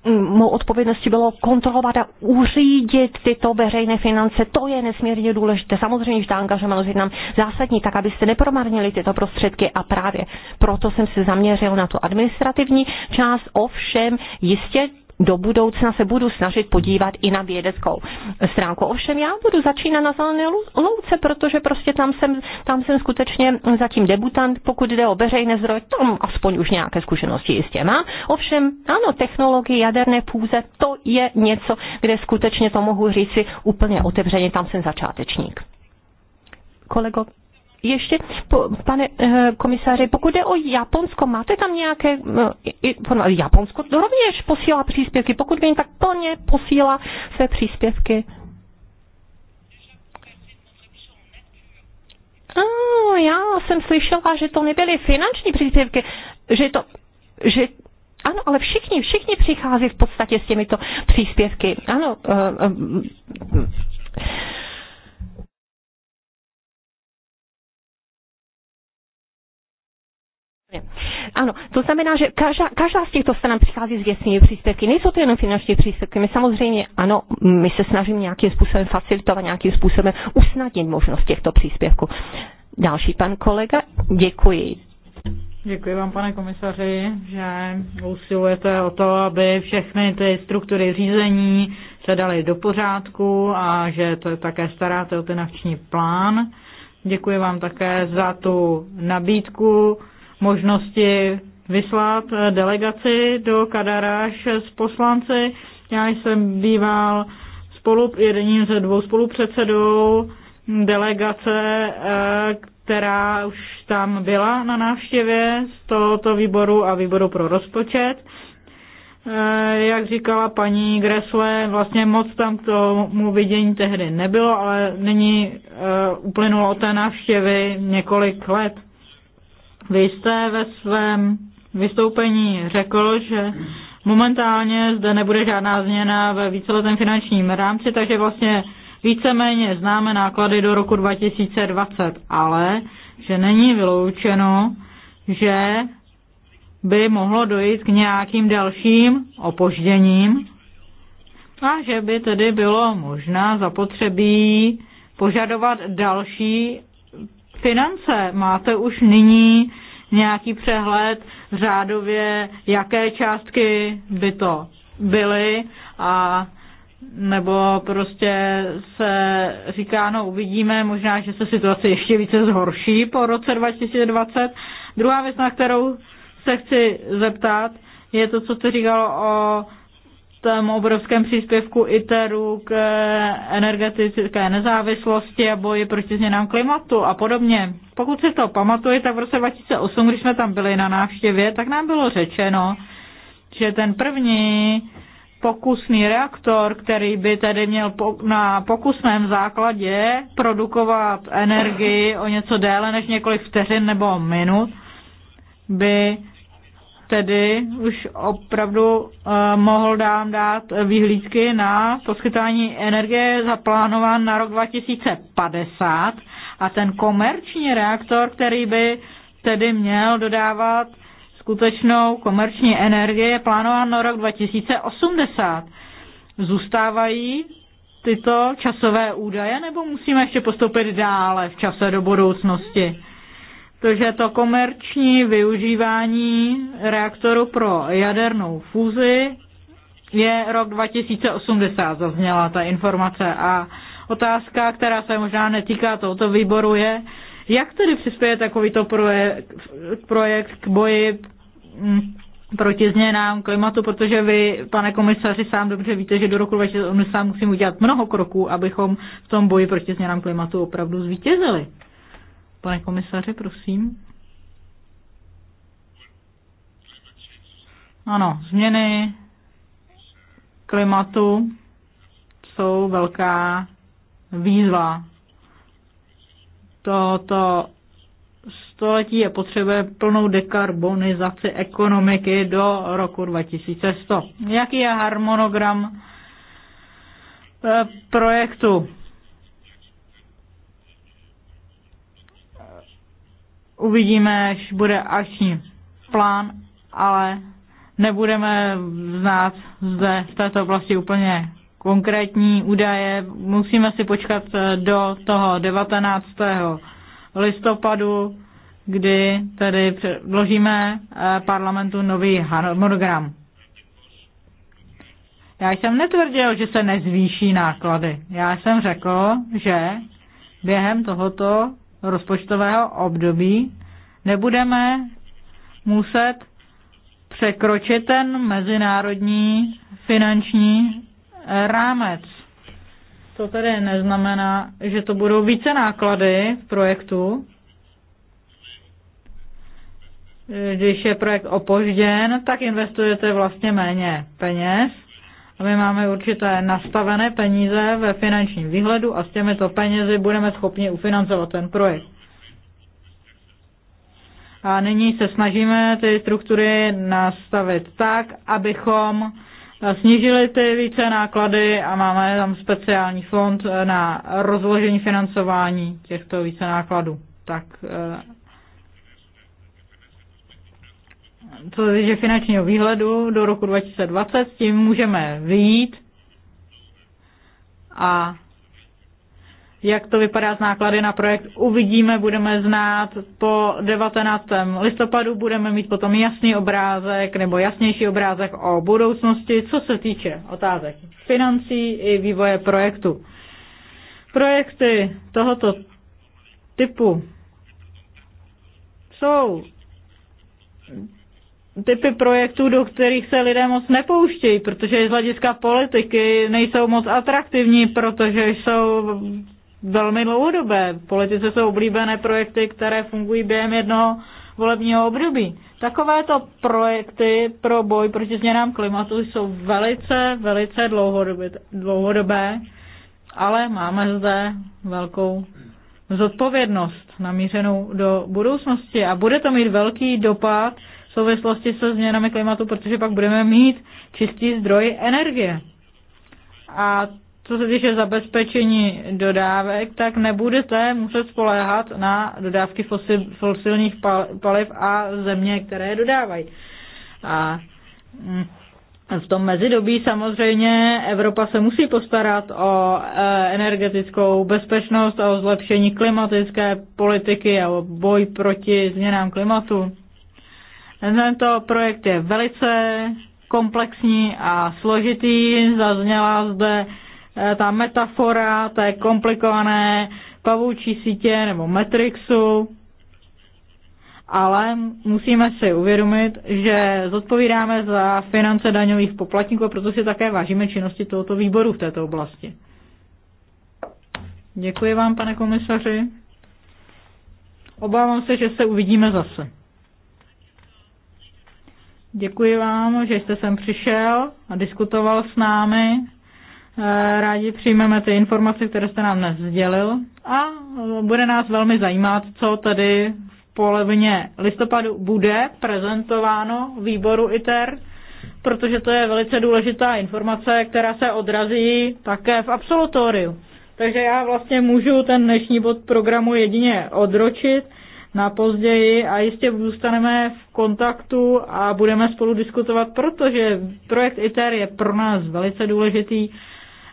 mm, mou odpovědností bylo kontrolovat a uřídit tyto veřejné finance. To je nesmírně důležité. Samozřejmě, že ta angažovanost je nám zásadní, tak abyste nepromarnili tyto prostředky a právě proto jsem se zaměřil na tu administrativní část. Ovšem, jistě do budoucna se budu snažit podívat i na vědeckou stránku. Ovšem já budu začínat na zelené louce, protože prostě tam jsem, tam jsem skutečně zatím debutant, pokud jde o veřejné zdroje, tam aspoň už nějaké zkušenosti jistě má. Ovšem, ano, technologie jaderné půze, to je něco, kde skutečně to mohu říci úplně otevřeně, tam jsem začátečník. Kolego, ještě, pane eh, komisáři, pokud jde o Japonsko, máte tam nějaké eh, Japonsko rovněž posílá příspěvky, pokud vím, tak plně posílá své příspěvky. Ah, já jsem slyšela, že to nebyly finanční příspěvky, že to, že ano, ale všichni, všichni přichází v podstatě s těmito příspěvky. Ano, uh, uh, Ano, to znamená, že každá, každá z těchto stran přichází s věcnými příspěvky. Nejsou to jenom finanční příspěvky. My samozřejmě, ano, my se snažíme nějakým způsobem facilitovat, nějakým způsobem usnadnit možnost těchto příspěvků. Další pan kolega, děkuji. Děkuji vám, pane komisaři, že usilujete o to, aby všechny ty struktury řízení se daly do pořádku a že to je také staráte o ten akční plán. Děkuji vám také za tu nabídku možnosti vyslat eh, delegaci do Kadaráš s poslanci. Já jsem býval spolu, jedním ze dvou spolupředsedů delegace, eh, která už tam byla na návštěvě z tohoto výboru a výboru pro rozpočet. Eh, jak říkala paní Gresle, vlastně moc tam k tomu vidění tehdy nebylo, ale nyní uplynulo od té návštěvy několik let. Vy jste ve svém vystoupení řekl, že momentálně zde nebude žádná změna ve víceletém finančním rámci, takže vlastně víceméně známe náklady do roku 2020, ale že není vyloučeno, že by mohlo dojít k nějakým dalším opožděním a že by tedy bylo možná zapotřebí požadovat další finance. Máte už nyní nějaký přehled řádově, jaké částky by to byly a nebo prostě se říká, no uvidíme, možná, že se situace ještě více zhorší po roce 2020. Druhá věc, na kterou se chci zeptat, je to, co jste říkal o tom obrovském příspěvku ITERu k energetické nezávislosti a boji proti změnám klimatu a podobně. Pokud si to pamatujete, v roce 2008, když jsme tam byli na návštěvě, tak nám bylo řečeno, že ten první pokusný reaktor, který by tedy měl na pokusném základě produkovat energii o něco déle než několik vteřin nebo minut, by tedy už opravdu uh, mohl dám dát výhlídky na poskytování energie zaplánován na rok 2050 a ten komerční reaktor, který by tedy měl dodávat skutečnou komerční energii, je plánován na rok 2080. Zůstávají tyto časové údaje nebo musíme ještě postoupit dále v čase do budoucnosti? protože to komerční využívání reaktoru pro jadernou fúzi je rok 2080, zazněla ta informace. A otázka, která se možná netýká tohoto výboru, je, jak tedy přispěje takovýto projekt, projekt k boji mm, proti změnám klimatu, protože vy, pane komisaři, sám dobře víte, že do roku 2080 musíme udělat mnoho kroků, abychom v tom boji proti změnám klimatu opravdu zvítězili. Pane komisaři, prosím. Ano, změny klimatu jsou velká výzva. Toto století je potřeba plnou dekarbonizaci ekonomiky do roku 2100. Jaký je harmonogram eh, projektu? uvidíme, až bude akční plán, ale nebudeme znát zde v této oblasti úplně konkrétní údaje. Musíme si počkat eh, do toho 19. listopadu, kdy tedy předložíme eh, parlamentu nový harmonogram. Já jsem netvrdil, že se nezvýší náklady. Já jsem řekl, že během tohoto rozpočtového období nebudeme muset překročit ten mezinárodní finanční eh, rámec. To tedy neznamená, že to budou více náklady v projektu. Když je projekt opožděn, tak investujete vlastně méně peněz a my máme určité nastavené peníze ve finančním výhledu a s těmito penězi budeme schopni ufinancovat ten projekt. A nyní se snažíme ty struktury nastavit tak, abychom snížili ty více náklady a máme tam speciální fond na rozložení financování těchto více nákladů. Tak eh, co je, finančního výhledu do roku 2020, s tím můžeme vyjít. A jak to vypadá s náklady na projekt, uvidíme, budeme znát. Po 19. listopadu budeme mít potom jasný obrázek nebo jasnější obrázek o budoucnosti, co se týče otázek financí i vývoje projektu. Projekty tohoto typu jsou typy projektů, do kterých se lidé moc nepouštějí, protože z hlediska politiky nejsou moc atraktivní, protože jsou velmi dlouhodobé. politice jsou oblíbené projekty, které fungují během jednoho volebního období. Takovéto projekty pro boj proti změnám klimatu jsou velice, velice dlouhodobé, dlouhodobé ale máme zde velkou zodpovědnost namířenou do budoucnosti a bude to mít velký dopad souvislosti se změnami klimatu, protože pak budeme mít čistý zdroj energie. A co se týče zabezpečení dodávek, tak nebudete muset spoléhat na dodávky fosilních paliv a země, které dodávají. A mm, v tom mezidobí samozřejmě Evropa se musí postarat o e, energetickou bezpečnost a o zlepšení klimatické politiky a o boj proti změnám klimatu. Tento projekt je velice komplexní a složitý. Zazněla zde eh, ta metafora té komplikované pavoučí sítě nebo Matrixu, ale musíme si uvědomit, že zodpovídáme za finance daňových poplatníků a proto si také vážíme činnosti tohoto výboru v této oblasti. Děkuji vám, pane komisaři. Obávám se, že se uvidíme zase. Děkuji vám, že jste sem přišel a diskutoval s námi. Eh, rádi přijmeme ty informace, které jste nám dnes sdělil a bude nás velmi zajímat, co tady v polovině listopadu bude prezentováno výboru ITER, protože to je velice důležitá informace, která se odrazí také v absolutoriu. Takže já vlastně můžu ten dnešní bod programu jedině odročit na později a jistě zůstaneme v kontaktu a budeme spolu diskutovat, protože projekt ITER je pro nás velice důležitý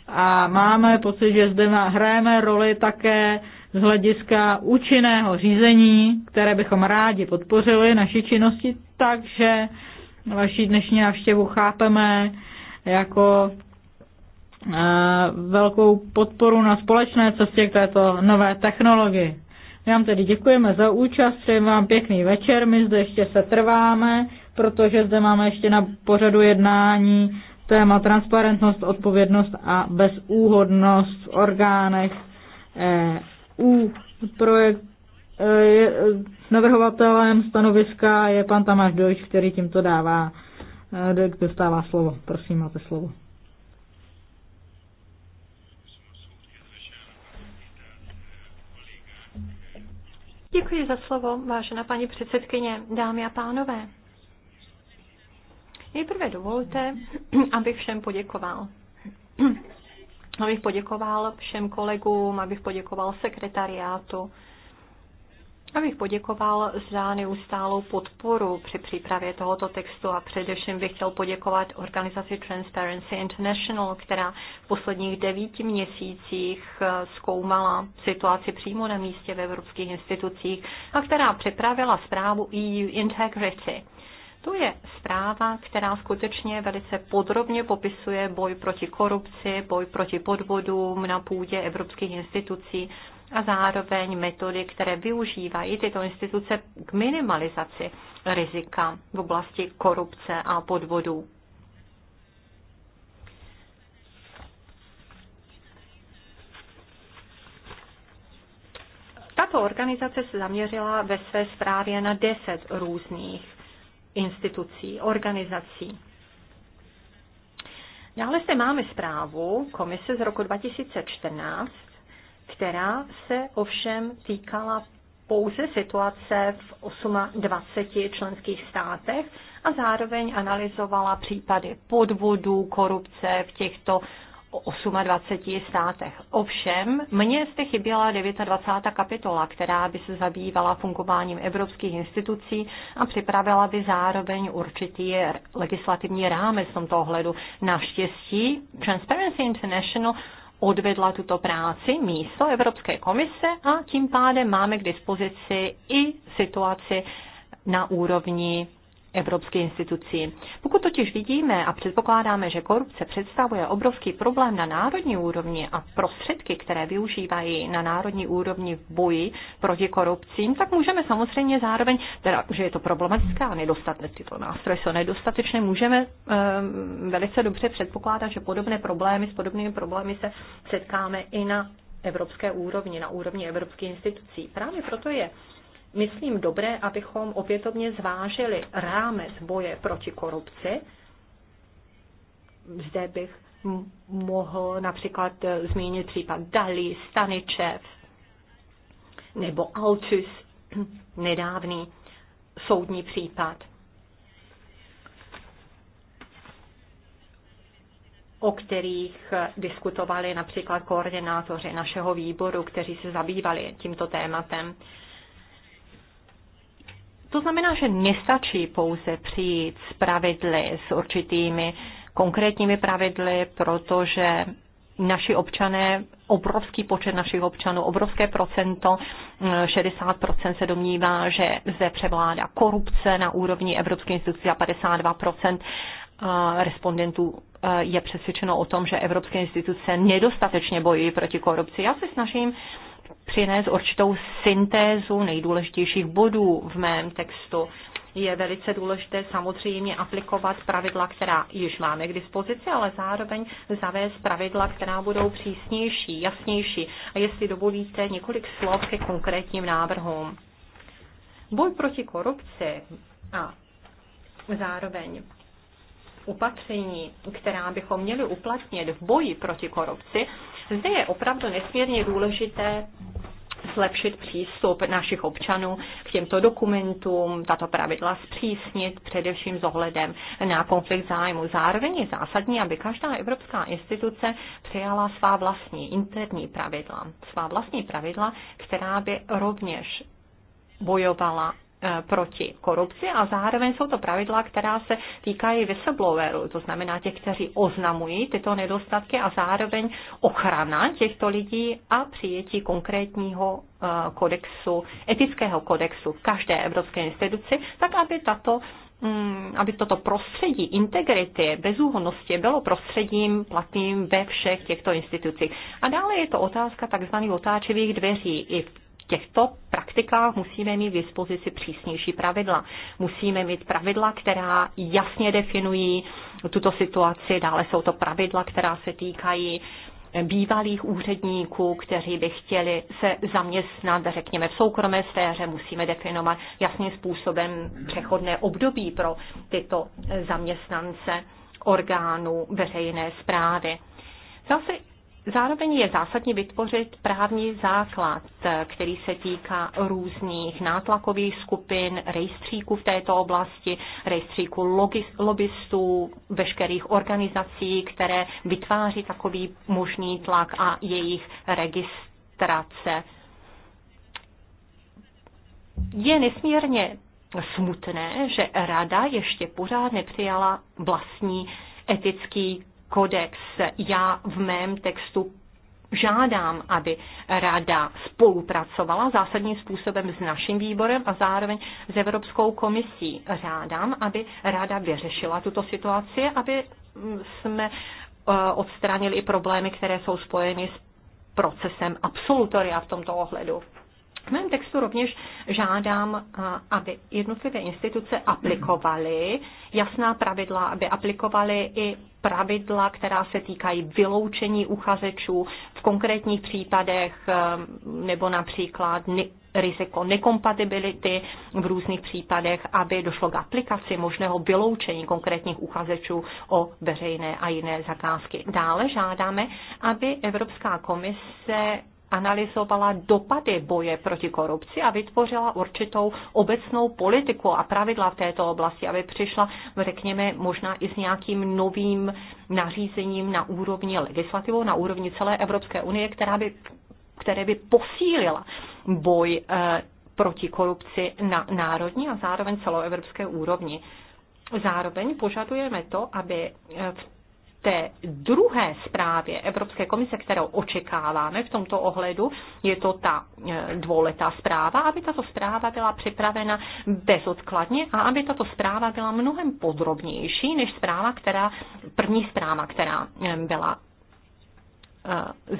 a máme pocit, že zde hrajeme roli také z hlediska účinného řízení, které bychom rádi podpořili naší činnosti, takže vaši dnešní návštěvu chápeme jako eh, velkou podporu na společné cestě k této nové technologii. My vám tedy děkujeme za účast, přejeme vám pěkný večer, my zde ještě se trváme, protože zde máme ještě na pořadu jednání téma transparentnost, odpovědnost a bezúhodnost v orgánech eh, u Projekt, eh, je, eh, navrhovatelem stanoviska je pan Tamáš Dojč, který tímto dává, dostává slovo. Prosím, máte slovo. Děkuji za slovo, vážená paní předsedkyně, dámy a pánové. Nejprve dovolte, abych všem poděkoval. Abych poděkoval všem kolegům, abych poděkoval sekretariátu, Abych poděkoval za neustálou podporu při přípravě tohoto textu a především bych chtěl poděkovat organizaci Transparency International, která v posledních devíti měsících eh, zkoumala situaci přímo na místě v evropských institucích a která připravila zprávu EU Integrity. To je zpráva, která skutečně velice podrobně popisuje boj proti korupci, boj proti podvodům na půdě evropských institucí a zároveň metody, které využívají tyto instituce k minimalizaci rizika v oblasti korupce a podvodů. Tato organizace se zaměřila ve své zprávě na deset různých institucí, organizací. Dále se máme zprávu Komise z roku 2014, která se ovšem týkala pouze situace v 28 členských státech a zároveň analyzovala případy podvodů, korupce v těchto 28 státech. Ovšem, mně zde chyběla 29. kapitola, která by se zabývala fungováním evropských institucí a připravila by zároveň určitý legislativní rámec v tomto ohledu. Naštěstí Transparency International odvedla tuto práci místo Evropské komise a tím pádem máme k dispozici i situaci na úrovni evropských institucí. Pokud totiž vidíme a předpokládáme, že korupce představuje obrovský problém na národní úrovni a prostředky, které využívají na národní úrovni v boji proti korupcím, tak můžeme samozřejmě zároveň, teda, že je to problematická nedostatné, tyto nástroje jsou nedostatečné, můžeme um, velice dobře předpokládat, že podobné problémy s podobnými problémy se setkáme i na evropské úrovni, na úrovni evropských institucí. Právě proto je myslím, dobré, abychom opětovně zvážili rámec boje proti korupci. Zde bych mohl například eh, zmínit případ Dali, Staničev nebo Altus, nedávný soudní případ. o kterých eh, diskutovali například koordinátoři našeho výboru, kteří se zabývali tímto tématem. To znamená, že nestačí pouze přijít s pravidly, s určitými konkrétními pravidly, protože naši občané, obrovský počet našich občanů, obrovské procento, 60% eh, se domnívá, že zde převládá korupce na úrovni Evropské instituce a 52% eh, respondentů eh, je přesvědčeno o tom, že evropské instituce nedostatečně bojují proti korupci. Já se snažím přinést určitou syntézu nejdůležitějších bodů v mém textu. Je velice důležité samozřejmě aplikovat pravidla, která již máme k dispozici, ale zároveň zavést pravidla, která budou přísnější, jasnější. A jestli dovolíte několik slov ke konkrétním návrhům. Boj proti korupci a zároveň opatření, která bychom měli uplatnit v boji proti korupci, zde je opravdu nesmírně důležité zlepšit přístup našich občanů k těmto dokumentům, tato pravidla zpřísnit především s ohledem na konflikt zájmu. Zároveň je zásadní, aby každá evropská instituce přijala svá vlastní interní pravidla, svá vlastní pravidla, která by rovněž bojovala Eh, proti korupci a zároveň jsou to pravidla, která se týkají whistleblowerů, to znamená těch, kteří oznamují tyto nedostatky a zároveň ochrana těchto lidí a přijetí konkrétního eh, kodexu, etického kodexu v každé evropské instituci, tak aby tato mm, aby toto prostředí integrity, bezúhonnosti bylo prostředím platným ve všech těchto institucích. A dále je to otázka takzvaných otáčivých dveří. I v těchto praktikách musíme mít v dispozici přísnější pravidla. Musíme mít pravidla, která jasně definují tuto situaci, dále jsou to pravidla, která se týkají bývalých úředníků, kteří by chtěli se zaměstnat, řekněme, v soukromé sféře, musíme definovat jasným způsobem přechodné období pro tyto zaměstnance orgánů veřejné zprávy. Zase Zároveň je zásadní vytvořit právní základ, eh, který se týká různých nátlakových skupin, rejstříků v této oblasti, rejstříků lobbystů, veškerých organizací, které vytváří takový možný tlak a jejich registrace. Je nesmírně smutné, že Rada ještě pořád nepřijala vlastní etický kodex. Já v mém textu žádám, aby rada spolupracovala zásadním způsobem s naším výborem a zároveň s Evropskou komisí. Žádám, aby rada vyřešila tuto situaci, aby mm, jsme eh, odstranili i problémy, které jsou spojeny s procesem absolutoria v tomto ohledu. V mém textu rovněž žádám, eh, aby jednotlivé instituce aplikovaly jasná pravidla, aby aplikovaly i pravidla, která se týkají vyloučení uchazečů v konkrétních případech eh, nebo například riziko nekompatibility v různých případech, aby došlo k aplikaci možného vyloučení konkrétních uchazečů o veřejné a jiné zakázky. Dále žádáme, aby Evropská komise analyzovala dopady boje proti korupci a vytvořila určitou obecnou politiku a pravidla v této oblasti, aby přišla, řekněme, možná i s nějakým novým nařízením na úrovni legislativou, na úrovni celé Evropské unie, která by, které by posílila boj eh, proti korupci na národní a zároveň celoevropské úrovni. Zároveň požadujeme to, aby v eh, té druhé zprávě Evropské komise, kterou očekáváme v tomto ohledu, je to ta e, dvouletá zpráva, aby tato zpráva byla připravena bezodkladně a aby tato zpráva byla mnohem podrobnější než zpráva, která, první zpráva, která e, byla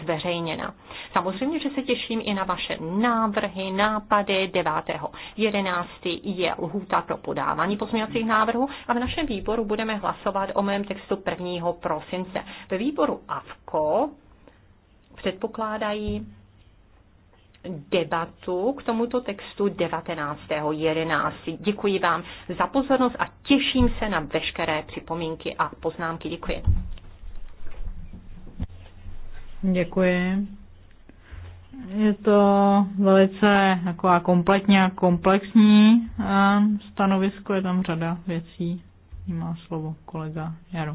zveřejněna. Samozřejmě, že se těším i na vaše návrhy, nápady. 9.11. je lhůta pro podávání pozměňovacích návrhů a v našem výboru budeme hlasovat o mém textu 1. prosince. Ve výboru AVKO předpokládají debatu k tomuto textu 19.11. Děkuji vám za pozornost a těším se na veškeré připomínky a poznámky. Děkuji. Děkuji. Je to velice taková kompletně a komplexní eh, stanovisko, je tam řada věcí. Má slovo kolega Jaro.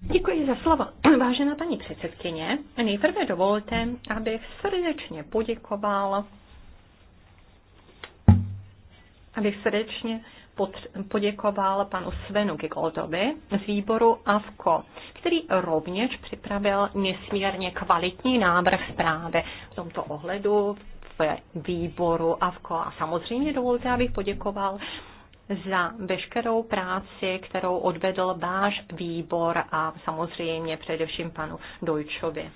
Děkuji za slovo. Vážená paní předsedkyně, nejprve dovolte, abych srdečně poděkoval abych srdečně poděkoval panu Svenu Gigoldovi z výboru AVKO, který rovněž připravil nesmírně kvalitní návrh zprávy. V tomto ohledu v výboru AVKO a samozřejmě dovolte, abych poděkoval za veškerou práci, kterou odvedl váš výbor a samozřejmě především panu Dojčovi.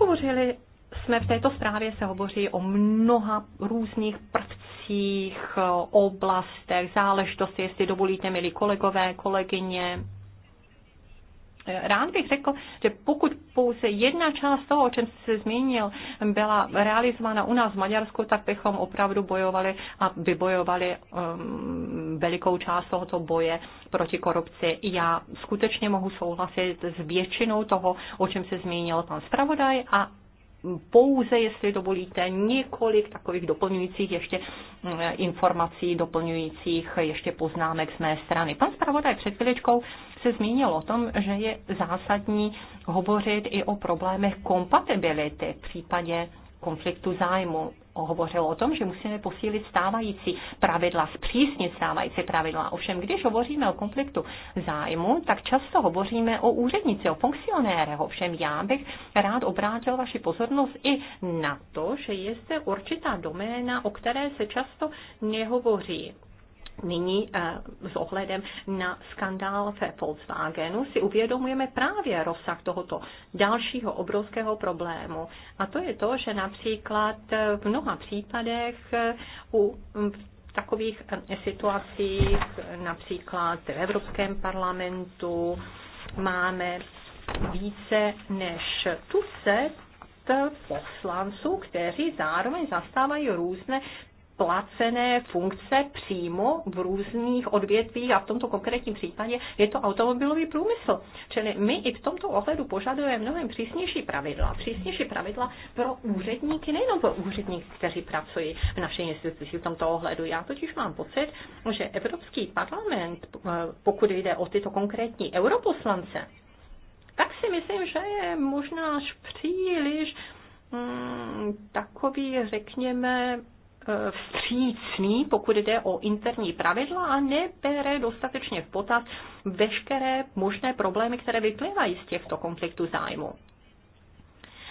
Hovořili jsme v této zprávě se hovoří o mnoha různých prvcích, oblastech, záležitosti, jestli dovolíte, milí kolegové, kolegyně. Rád bych řekl, že pokud pouze jedna část toho, o čem se zmínil, byla realizována u nás v Maďarsku, tak bychom opravdu bojovali a vybojovali um, velikou část tohoto boje proti korupci. Já skutečně mohu souhlasit s většinou toho, o čem se zmínil pan zpravodaj a pouze, jestli dovolíte, několik takových doplňujících ještě mm, informací, doplňujících ještě poznámek z mé strany. Pan zpravodaj před chvíličkou se zmínil o tom, že je zásadní hovořit i o problémech kompatibility v případě konfliktu zájmu hovořilo o tom, že musíme posílit stávající pravidla, zpřísnit stávající pravidla. Ovšem, když hovoříme o konfliktu zájmu, tak často hovoříme o úřednici, o funkcionérech. Ovšem, já bych rád obrátil vaši pozornost i na to, že je zde určitá doména, o které se často nehovoří. Nyní eh, s ohledem na skandál ve Volkswagenu si uvědomujeme právě rozsah tohoto dalšího obrovského problému. A to je to, že například eh, v mnoha případech eh, u takových situacích, například v Evropském parlamentu, máme více než tuset poslanců, kteří zároveň zastávají různé placené funkce přímo v různých odvětvích a v tomto konkrétním případě je to automobilový průmysl. Čili my i v tomto ohledu požadujeme mnohem přísnější pravidla. Přísnější pravidla pro úředníky, nejenom pro úředníky, kteří pracují v naší instituci v tomto ohledu. Já totiž mám pocit, že Evropský parlament, eh, pokud jde o tyto konkrétní europoslance, tak si myslím, že je možná až příliš mm, takový, řekněme, Eh, vstřícný, pokud jde o interní pravidla a nebere dostatečně v potaz veškeré možné problémy, které vyplývají z těchto konfliktů zájmu.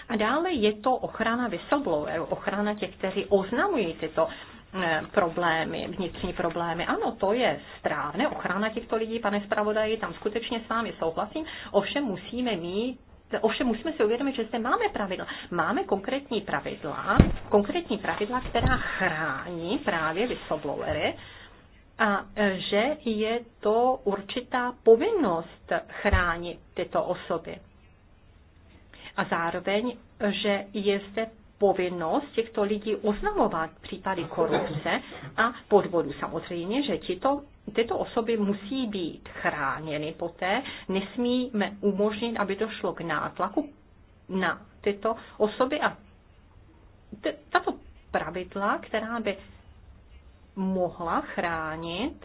A dále je to ochrana whistleblowerů, ochrana těch, kteří oznamují tyto eh, problémy, vnitřní problémy. Ano, to je správné, ochrana těchto lidí, pane zpravodaji, tam skutečně s vámi souhlasím, ovšem musíme mít Ovšem musíme si uvědomit, že zde máme pravidla. Máme konkrétní pravidla, konkrétní pravidla, která chrání právě whistleblowery, a e, že je to určitá povinnost chránit tyto osoby. A zároveň, že je zde povinnost těchto lidí oznamovat případy korupce a podvodu. Samozřejmě, že tito, tyto osoby musí být chráněny poté, nesmíme umožnit, aby to šlo k nátlaku na tyto osoby a tato pravidla, která by mohla chránit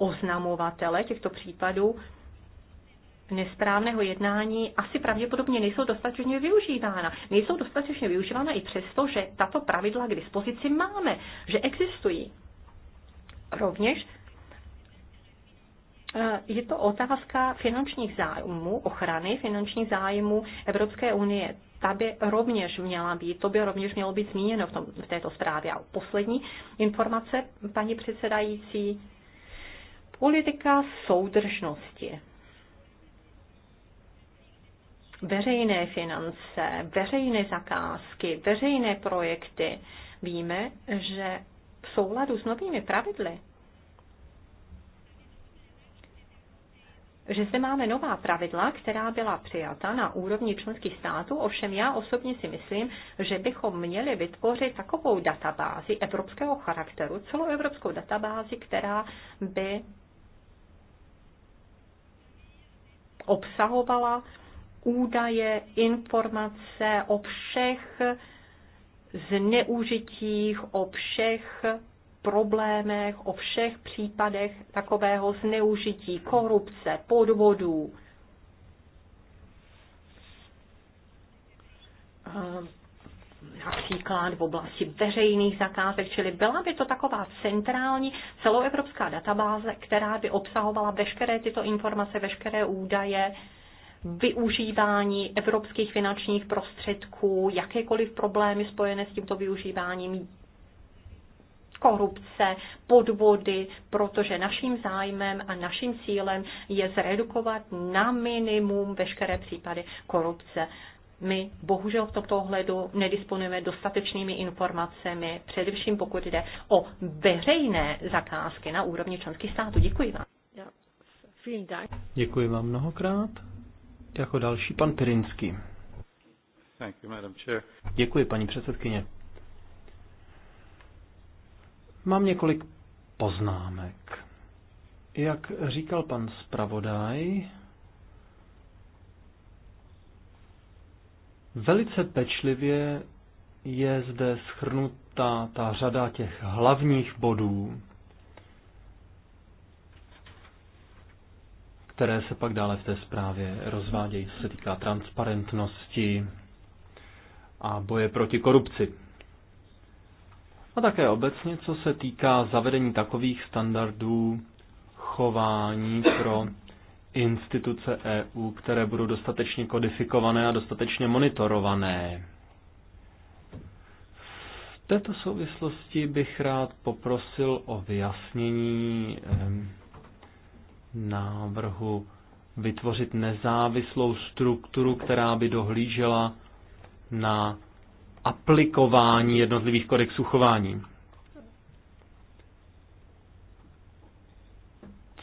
oznamovatele těchto případů, nesprávného jednání asi pravděpodobně nejsou dostatečně využívána. Nejsou dostatečně využívána i přesto, že tato pravidla k dispozici máme, že existují. Rovněž eh, je to otázka finančních zájmů, ochrany finančních zájmů Evropské unie. Ta by rovněž měla být, to by rovněž mělo být zmíněno v, tom, v této zprávě. A poslední informace, paní předsedající, politika soudržnosti veřejné finance, veřejné zakázky, veřejné projekty, víme, že v souladu s novými pravidly, že zde máme nová pravidla, která byla přijata na úrovni členských států, ovšem já osobně si myslím, že bychom měli vytvořit takovou databázi evropského charakteru, celoevropskou databázi, která by obsahovala údaje, informace o všech zneužitích, o všech problémech, o všech případech takového zneužití, korupce, podvodů. Eh, například v oblasti veřejných zakázek, čili byla by to taková centrální celoevropská databáze, která by obsahovala veškeré tyto informace, veškeré údaje, využívání evropských finančních prostředků, jakékoliv problémy spojené s tímto využíváním, korupce, podvody, protože naším zájmem a naším cílem je zredukovat na minimum veškeré případy korupce. My bohužel v tomto ohledu nedisponujeme dostatečnými informacemi, především pokud jde o veřejné zakázky na úrovni členských států. Děkuji vám. Děkuji vám mnohokrát. Jako další pan Pirinský. Děkuji, paní předsedkyně. Mám několik poznámek. Jak říkal pan zpravodaj, velice pečlivě je zde schrnuta ta řada těch hlavních bodů, které se pak dále v té zprávě rozvádějí, co se týká transparentnosti a boje proti korupci. A také obecně, co se týká zavedení takových standardů chování pro instituce EU, které budou dostatečně kodifikované a dostatečně monitorované. V této souvislosti bych rád poprosil o vyjasnění eh, návrhu vytvořit nezávislou strukturu, která by dohlížela na aplikování jednotlivých kodexů chování.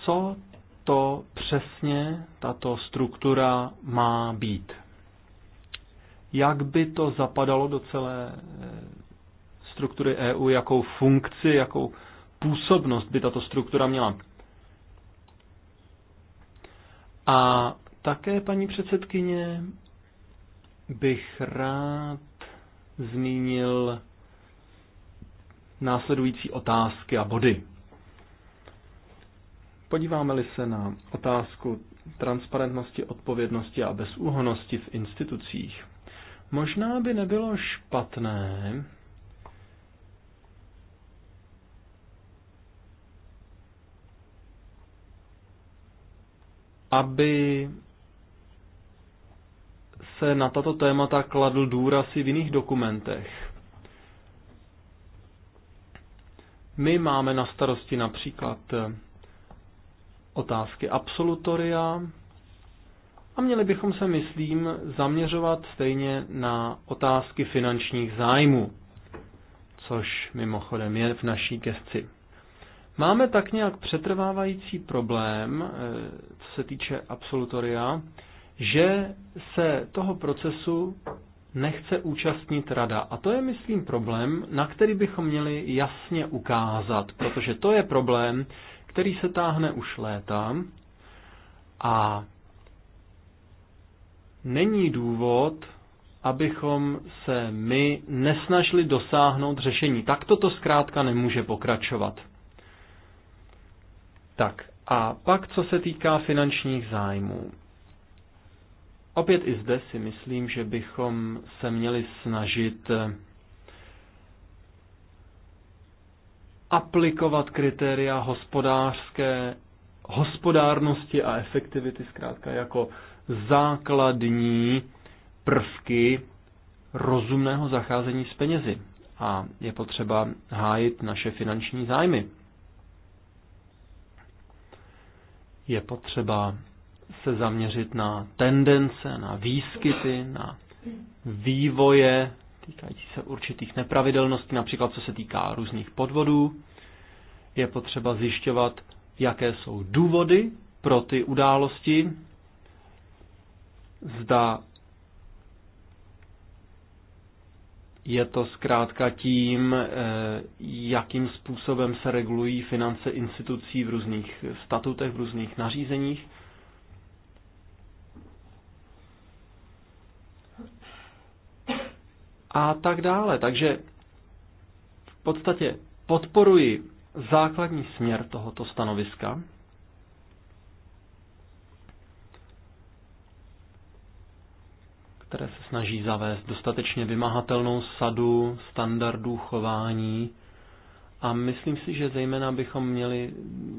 Co to přesně tato struktura má být? Jak by to zapadalo do celé eh, struktury EU, jakou funkci, jakou působnost by tato struktura měla? A také, paní předsedkyně, bych rád zmínil následující otázky a body. Podíváme-li se na otázku transparentnosti, odpovědnosti a bezúhonosti v institucích, možná by nebylo špatné aby se na tato témata kladl důraz i v jiných dokumentech. My máme na starosti například eh, otázky absolutoria a měli bychom se, myslím, zaměřovat stejně na otázky finančních zájmů, což mimochodem je v naší gesci. Máme tak nějak přetrvávající problém, eh, co se týče absolutoria, že se toho procesu nechce účastnit rada. A to je, myslím, problém, na který bychom měli jasně ukázat, protože to je problém, který se táhne už léta a není důvod, abychom se my nesnažili dosáhnout řešení. Takto to zkrátka nemůže pokračovat. Tak a pak, co se týká finančních zájmů. Opět i zde si myslím, že bychom se měli snažit eh, aplikovat kritéria hospodářské hospodárnosti a efektivity zkrátka jako základní prvky rozumného zacházení s penězi. A je potřeba hájit naše finanční zájmy. je potřeba se zaměřit na tendence, na výskyty, na vývoje týkající se určitých nepravidelností, například co se týká různých podvodů. Je potřeba zjišťovat, jaké jsou důvody pro ty události, zda Je to zkrátka tím, eh, jakým způsobem se regulují finance institucí v různých statutech, v různých nařízeních. A tak dále. Takže v podstatě podporuji základní směr tohoto stanoviska, které se snaží zavést dostatečně vymahatelnou sadu standardů chování. A myslím si, že zejména bychom měli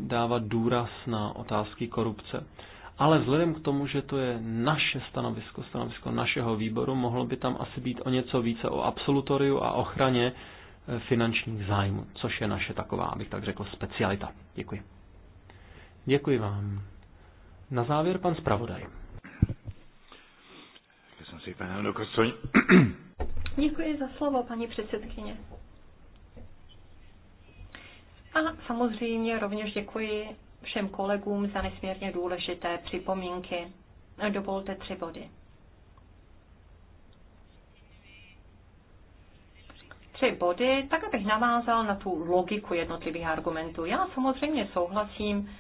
dávat důraz na otázky korupce. Ale vzhledem k tomu, že to je naše stanovisko, stanovisko našeho výboru, mohlo by tam asi být o něco více o absolutoriu a ochraně eh, finančních zájmů, což je naše taková, abych tak řekl, specialita. Děkuji. Děkuji vám. Na závěr pan zpravodaj. Děkuji za slovo, paní předsedkyně. A samozřejmě rovněž děkuji všem kolegům za nesmírně důležité připomínky. Dovolte tři body. tři body, tak abych navázal na tu logiku jednotlivých argumentů. Já samozřejmě souhlasím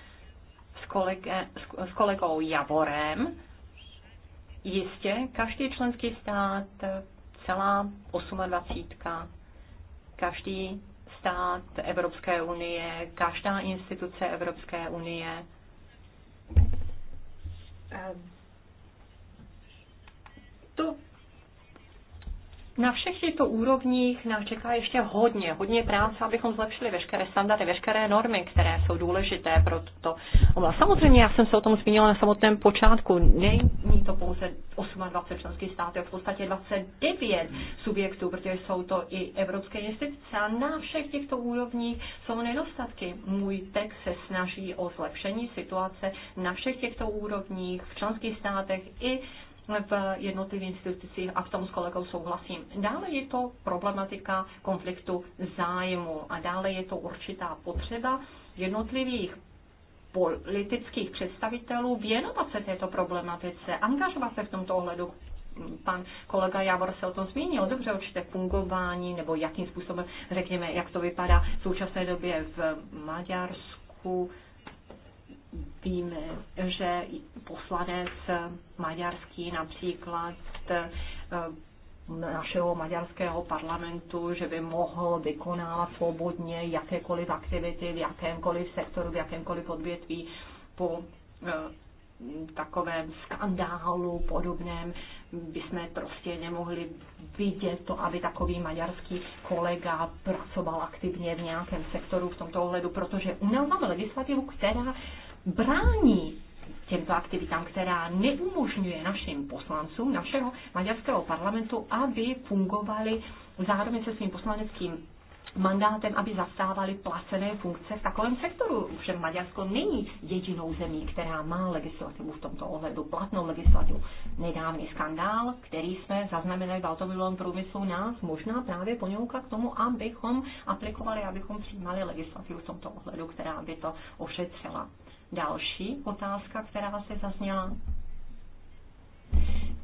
s, kolege, s kolegou Javorem Jistě, každý členský stát, celá 28, každý stát Evropské unie, každá instituce Evropské unie to na všech těchto úrovních nás čeká ještě hodně, hodně práce, abychom zlepšili veškeré standardy, veškeré normy, které jsou důležité pro to. oblast. Samozřejmě, já jsem se o tom zmínila na samotném počátku, není to pouze 28 členských států, v podstatě 29 subjektů, protože jsou to i evropské instituce a na všech těchto úrovních jsou nedostatky. Můj text se snaží o zlepšení situace na všech těchto úrovních v členských státech i v jednotlivých institucích a v tom s kolegou souhlasím. Dále je to problematika konfliktu zájmu a dále je to určitá potřeba jednotlivých politických představitelů věnovat se této problematice, angažovat se v tomto ohledu. Pan kolega Javor se o tom zmínil, dobře určité fungování, nebo jakým způsobem, řekněme, jak to vypadá v současné době v Maďarsku, víme, že poslanec maďarský například eh, našeho maďarského parlamentu, že by mohl vykonávat svobodně jakékoliv aktivity v jakémkoliv sektoru, v jakémkoliv odvětví po eh, takovém skandálu podobném by jsme prostě nemohli vidět to, aby takový maďarský kolega pracoval aktivně v nějakém sektoru v tomto ohledu, protože u nás máme legislativu, která brání těmto aktivitám, která neumožňuje našim poslancům našeho maďarského parlamentu, aby fungovali zároveň se svým poslaneckým mandátem, aby zastávali placené funkce v takovém sektoru. už Maďarsko není jedinou zemí, která má legislativu v tomto ohledu, platnou legislativu. Nedávný skandál, který jsme zaznamenali v automobilovém průmyslu, nás možná právě ponouká k tomu, abychom aplikovali, abychom přijímali legislativu v tomto ohledu, která by to ošetřila. Další otázka, která vás je zazněla.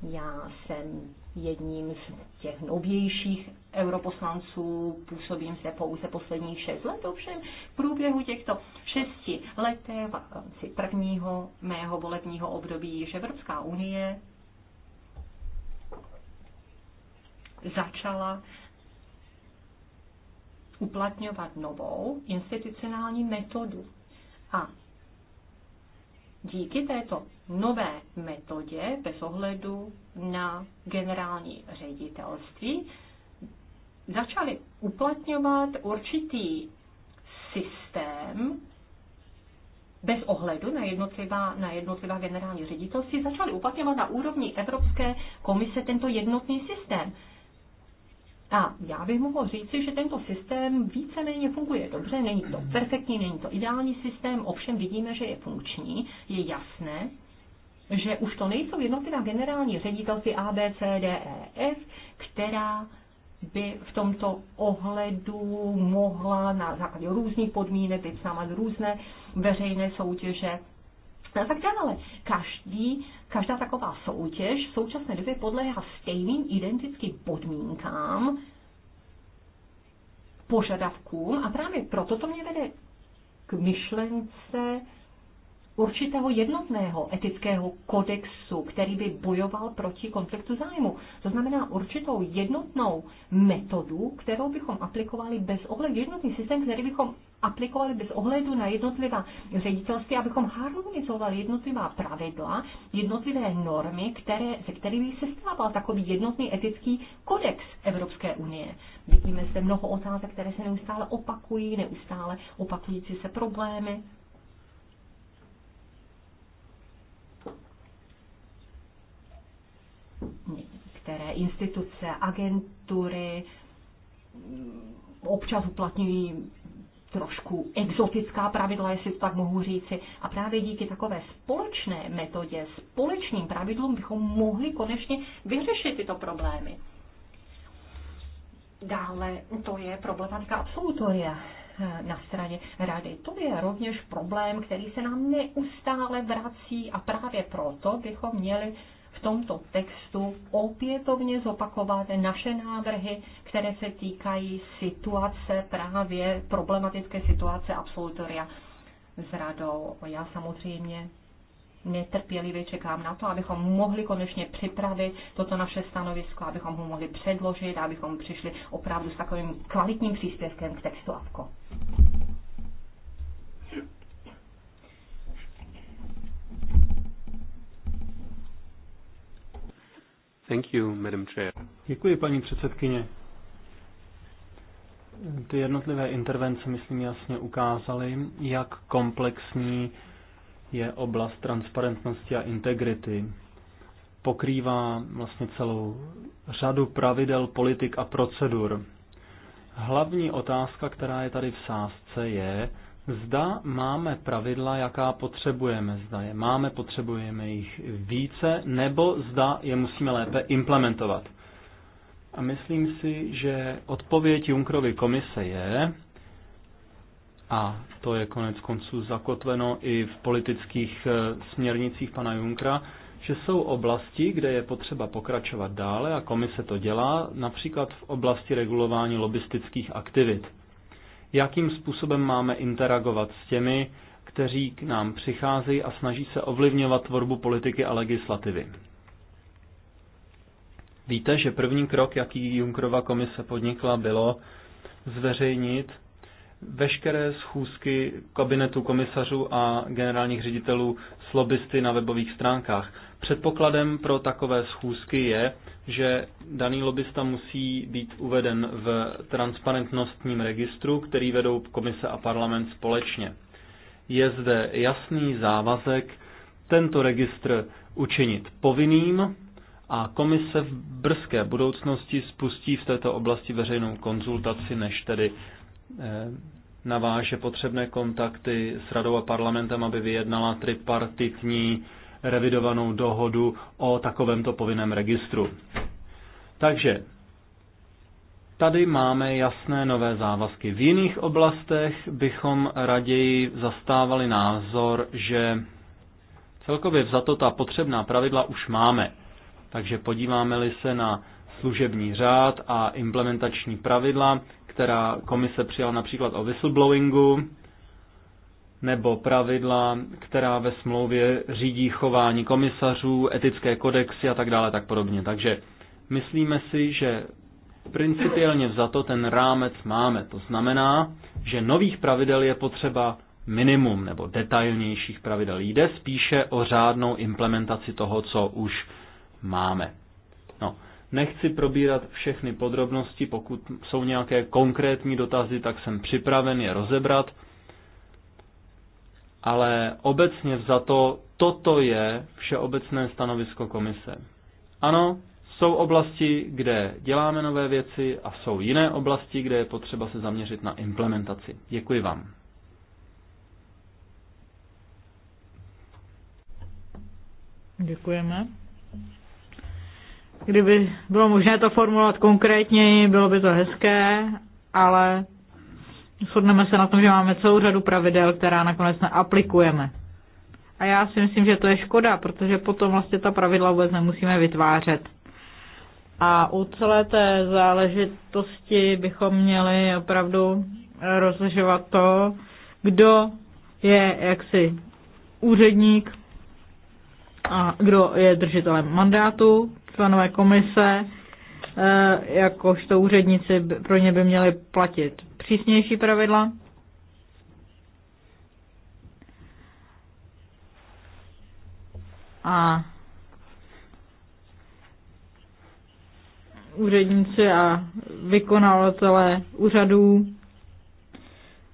Já jsem jedním z těch novějších europoslanců, působím se pouze posledních šest let, ovšem v průběhu těchto šesti let v rámci prvního mého volebního období již Evropská unie začala uplatňovat novou institucionální metodu. A díky této nové metodě bez ohledu na generální ředitelství začali uplatňovat určitý systém bez ohledu na jednotlivá, na jednotlivá generální ředitelství, začali uplatňovat na úrovni Evropské komise tento jednotný systém. A já bych mohl říci, že tento systém víceméně funguje dobře, není to perfektní, není to ideální systém, ovšem vidíme, že je funkční, je jasné, že už to nejsou jednotlivá generální ředitelství A, B, C, D, E, F, která by v tomto ohledu mohla na základě různých podmínek vypsávat různé veřejné soutěže tak dále. Každý Každá taková soutěž v současné době podléhá stejným identickým podmínkám, požadavkům a právě proto to mě vede k myšlence určitého jednotného etického kodexu, který by bojoval proti konfliktu zájmu. To znamená určitou jednotnou metodu, kterou bychom aplikovali bez ohledu, jednotný systém, který bychom aplikovali bez ohledu na jednotlivá ředitelství, abychom harmonizovali jednotlivá pravidla, jednotlivé normy, které, ze kterými se stával takový jednotný etický kodex Evropské unie. Vidíme zde mnoho otázek, které se neustále opakují, neustále opakující se problémy. Některé instituce, agentury mm, občas uplatňují trošku exotická pravidla, jestli to tak mohu říci. A právě díky takové společné metodě, společným pravidlům bychom mohli konečně vyřešit tyto problémy. Dále to je problematika absolutoria eh, na straně rady. To je rovněž problém, který se nám neustále vrací a právě proto bychom měli tomto textu opětovně zopakovat naše návrhy, které se týkají situace, právě problematické situace absolutoria s radou. Já samozřejmě netrpělivě čekám na to, abychom mohli konečně připravit toto naše stanovisko, abychom ho mohli předložit, abychom přišli opravdu s takovým kvalitním příspěvkem k textu APKO. Thank you, Madam Chair. Děkuji, paní předsedkyně. Ty jednotlivé intervence, myslím, jasně ukázaly, jak komplexní je oblast transparentnosti a integrity. Pokrývá vlastně celou řadu pravidel, politik a procedur. Hlavní otázka, která je tady v sázce, je, Zda máme pravidla, jaká potřebujeme, zda je máme, potřebujeme jich více, nebo zda je musíme lépe implementovat. A myslím si, že odpověď Junkrovy komise je, a to je konec konců zakotveno i v politických eh, směrnicích pana Junkra, že jsou oblasti, kde je potřeba pokračovat dále a komise to dělá, například v oblasti regulování lobistických aktivit jakým způsobem máme interagovat s těmi, kteří k nám přicházejí a snaží se ovlivňovat tvorbu politiky a legislativy. Víte, že první krok, jaký Junkrova komise podnikla, bylo zveřejnit veškeré schůzky kabinetu komisařů a generálních ředitelů s lobbysty na webových stránkách. Předpokladem pro takové schůzky je, že daný lobista musí být uveden v transparentnostním registru, který vedou komise a parlament společně. Je zde jasný závazek tento registr učinit povinným a komise v brzké budoucnosti spustí v této oblasti veřejnou konzultaci, než tedy eh, naváže potřebné kontakty s radou a parlamentem, aby vyjednala tripartitní revidovanou dohodu o takovémto povinném registru. Takže tady máme jasné nové závazky. V jiných oblastech bychom raději zastávali názor, že celkově vzato ta potřebná pravidla už máme. Takže podíváme-li se na služební řád a implementační pravidla, která komise přijala například o whistleblowingu, nebo pravidla, která ve smlouvě řídí chování komisařů, etické kodexy a tak dále, tak podobně. Takže myslíme si, že principiálně vzato ten rámec máme. To znamená, že nových pravidel je potřeba minimum nebo detailnějších pravidel. Jde spíše o řádnou implementaci toho, co už máme. No, nechci probírat všechny podrobnosti, pokud jsou nějaké konkrétní dotazy, tak jsem připraven je rozebrat ale obecně vzato toto je všeobecné stanovisko komise. Ano, jsou oblasti, kde děláme nové věci a jsou jiné oblasti, kde je potřeba se zaměřit na implementaci. Děkuji vám. Děkujeme. Kdyby bylo možné to formulovat konkrétněji, bylo by to hezké, ale shodneme se na tom, že máme celou řadu pravidel, která nakonec neaplikujeme. A já si myslím, že to je škoda, protože potom vlastně ta pravidla vůbec nemusíme vytvářet. A u celé té záležitosti bychom měli opravdu rozlišovat to, kdo je jaksi úředník a kdo je držitelem mandátu, členové komise, eh, jakožto úředníci pro ně by měli platit přísnější pravidla. A úředníci a vykonavatelé úřadů.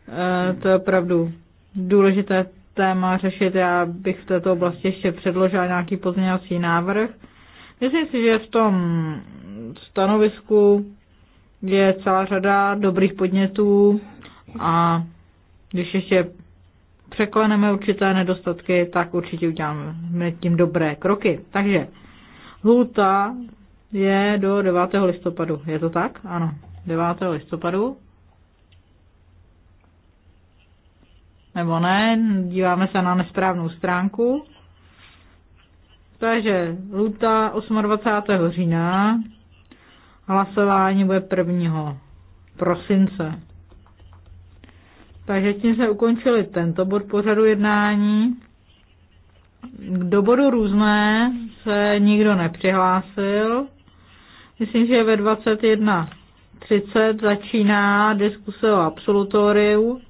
Eh, to je opravdu důležité téma řešit. Já bych v této oblasti ještě předložila nějaký pozměňovací návrh. Myslím si, že v tom stanovisku je celá řada dobrých podnětů a když ještě překleneme určité nedostatky, tak určitě uděláme tím dobré kroky. Takže lhůta je do 9. listopadu. Je to tak? Ano, 9. listopadu. Nebo ne, díváme se na nesprávnou stránku. Takže lhůta 28. října Hlasování bude 1. prosince. Takže tím se ukončili tento bod pořadu jednání. Do bodu různé se nikdo nepřihlásil. Myslím, že ve 21.30 začíná diskuse o absolutoriu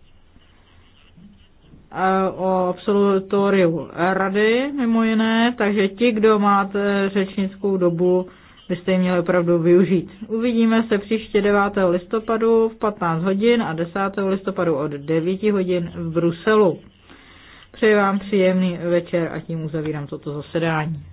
eh, o absolutoriu rady mimo jiné, takže ti, kdo máte řečnickou dobu, byste ji měli opravdu využít. Uvidíme se příště 9. listopadu v 15 hodin a 10. listopadu od 9 hodin v Bruselu. Přeji vám příjemný večer a tím uzavírám toto zasedání.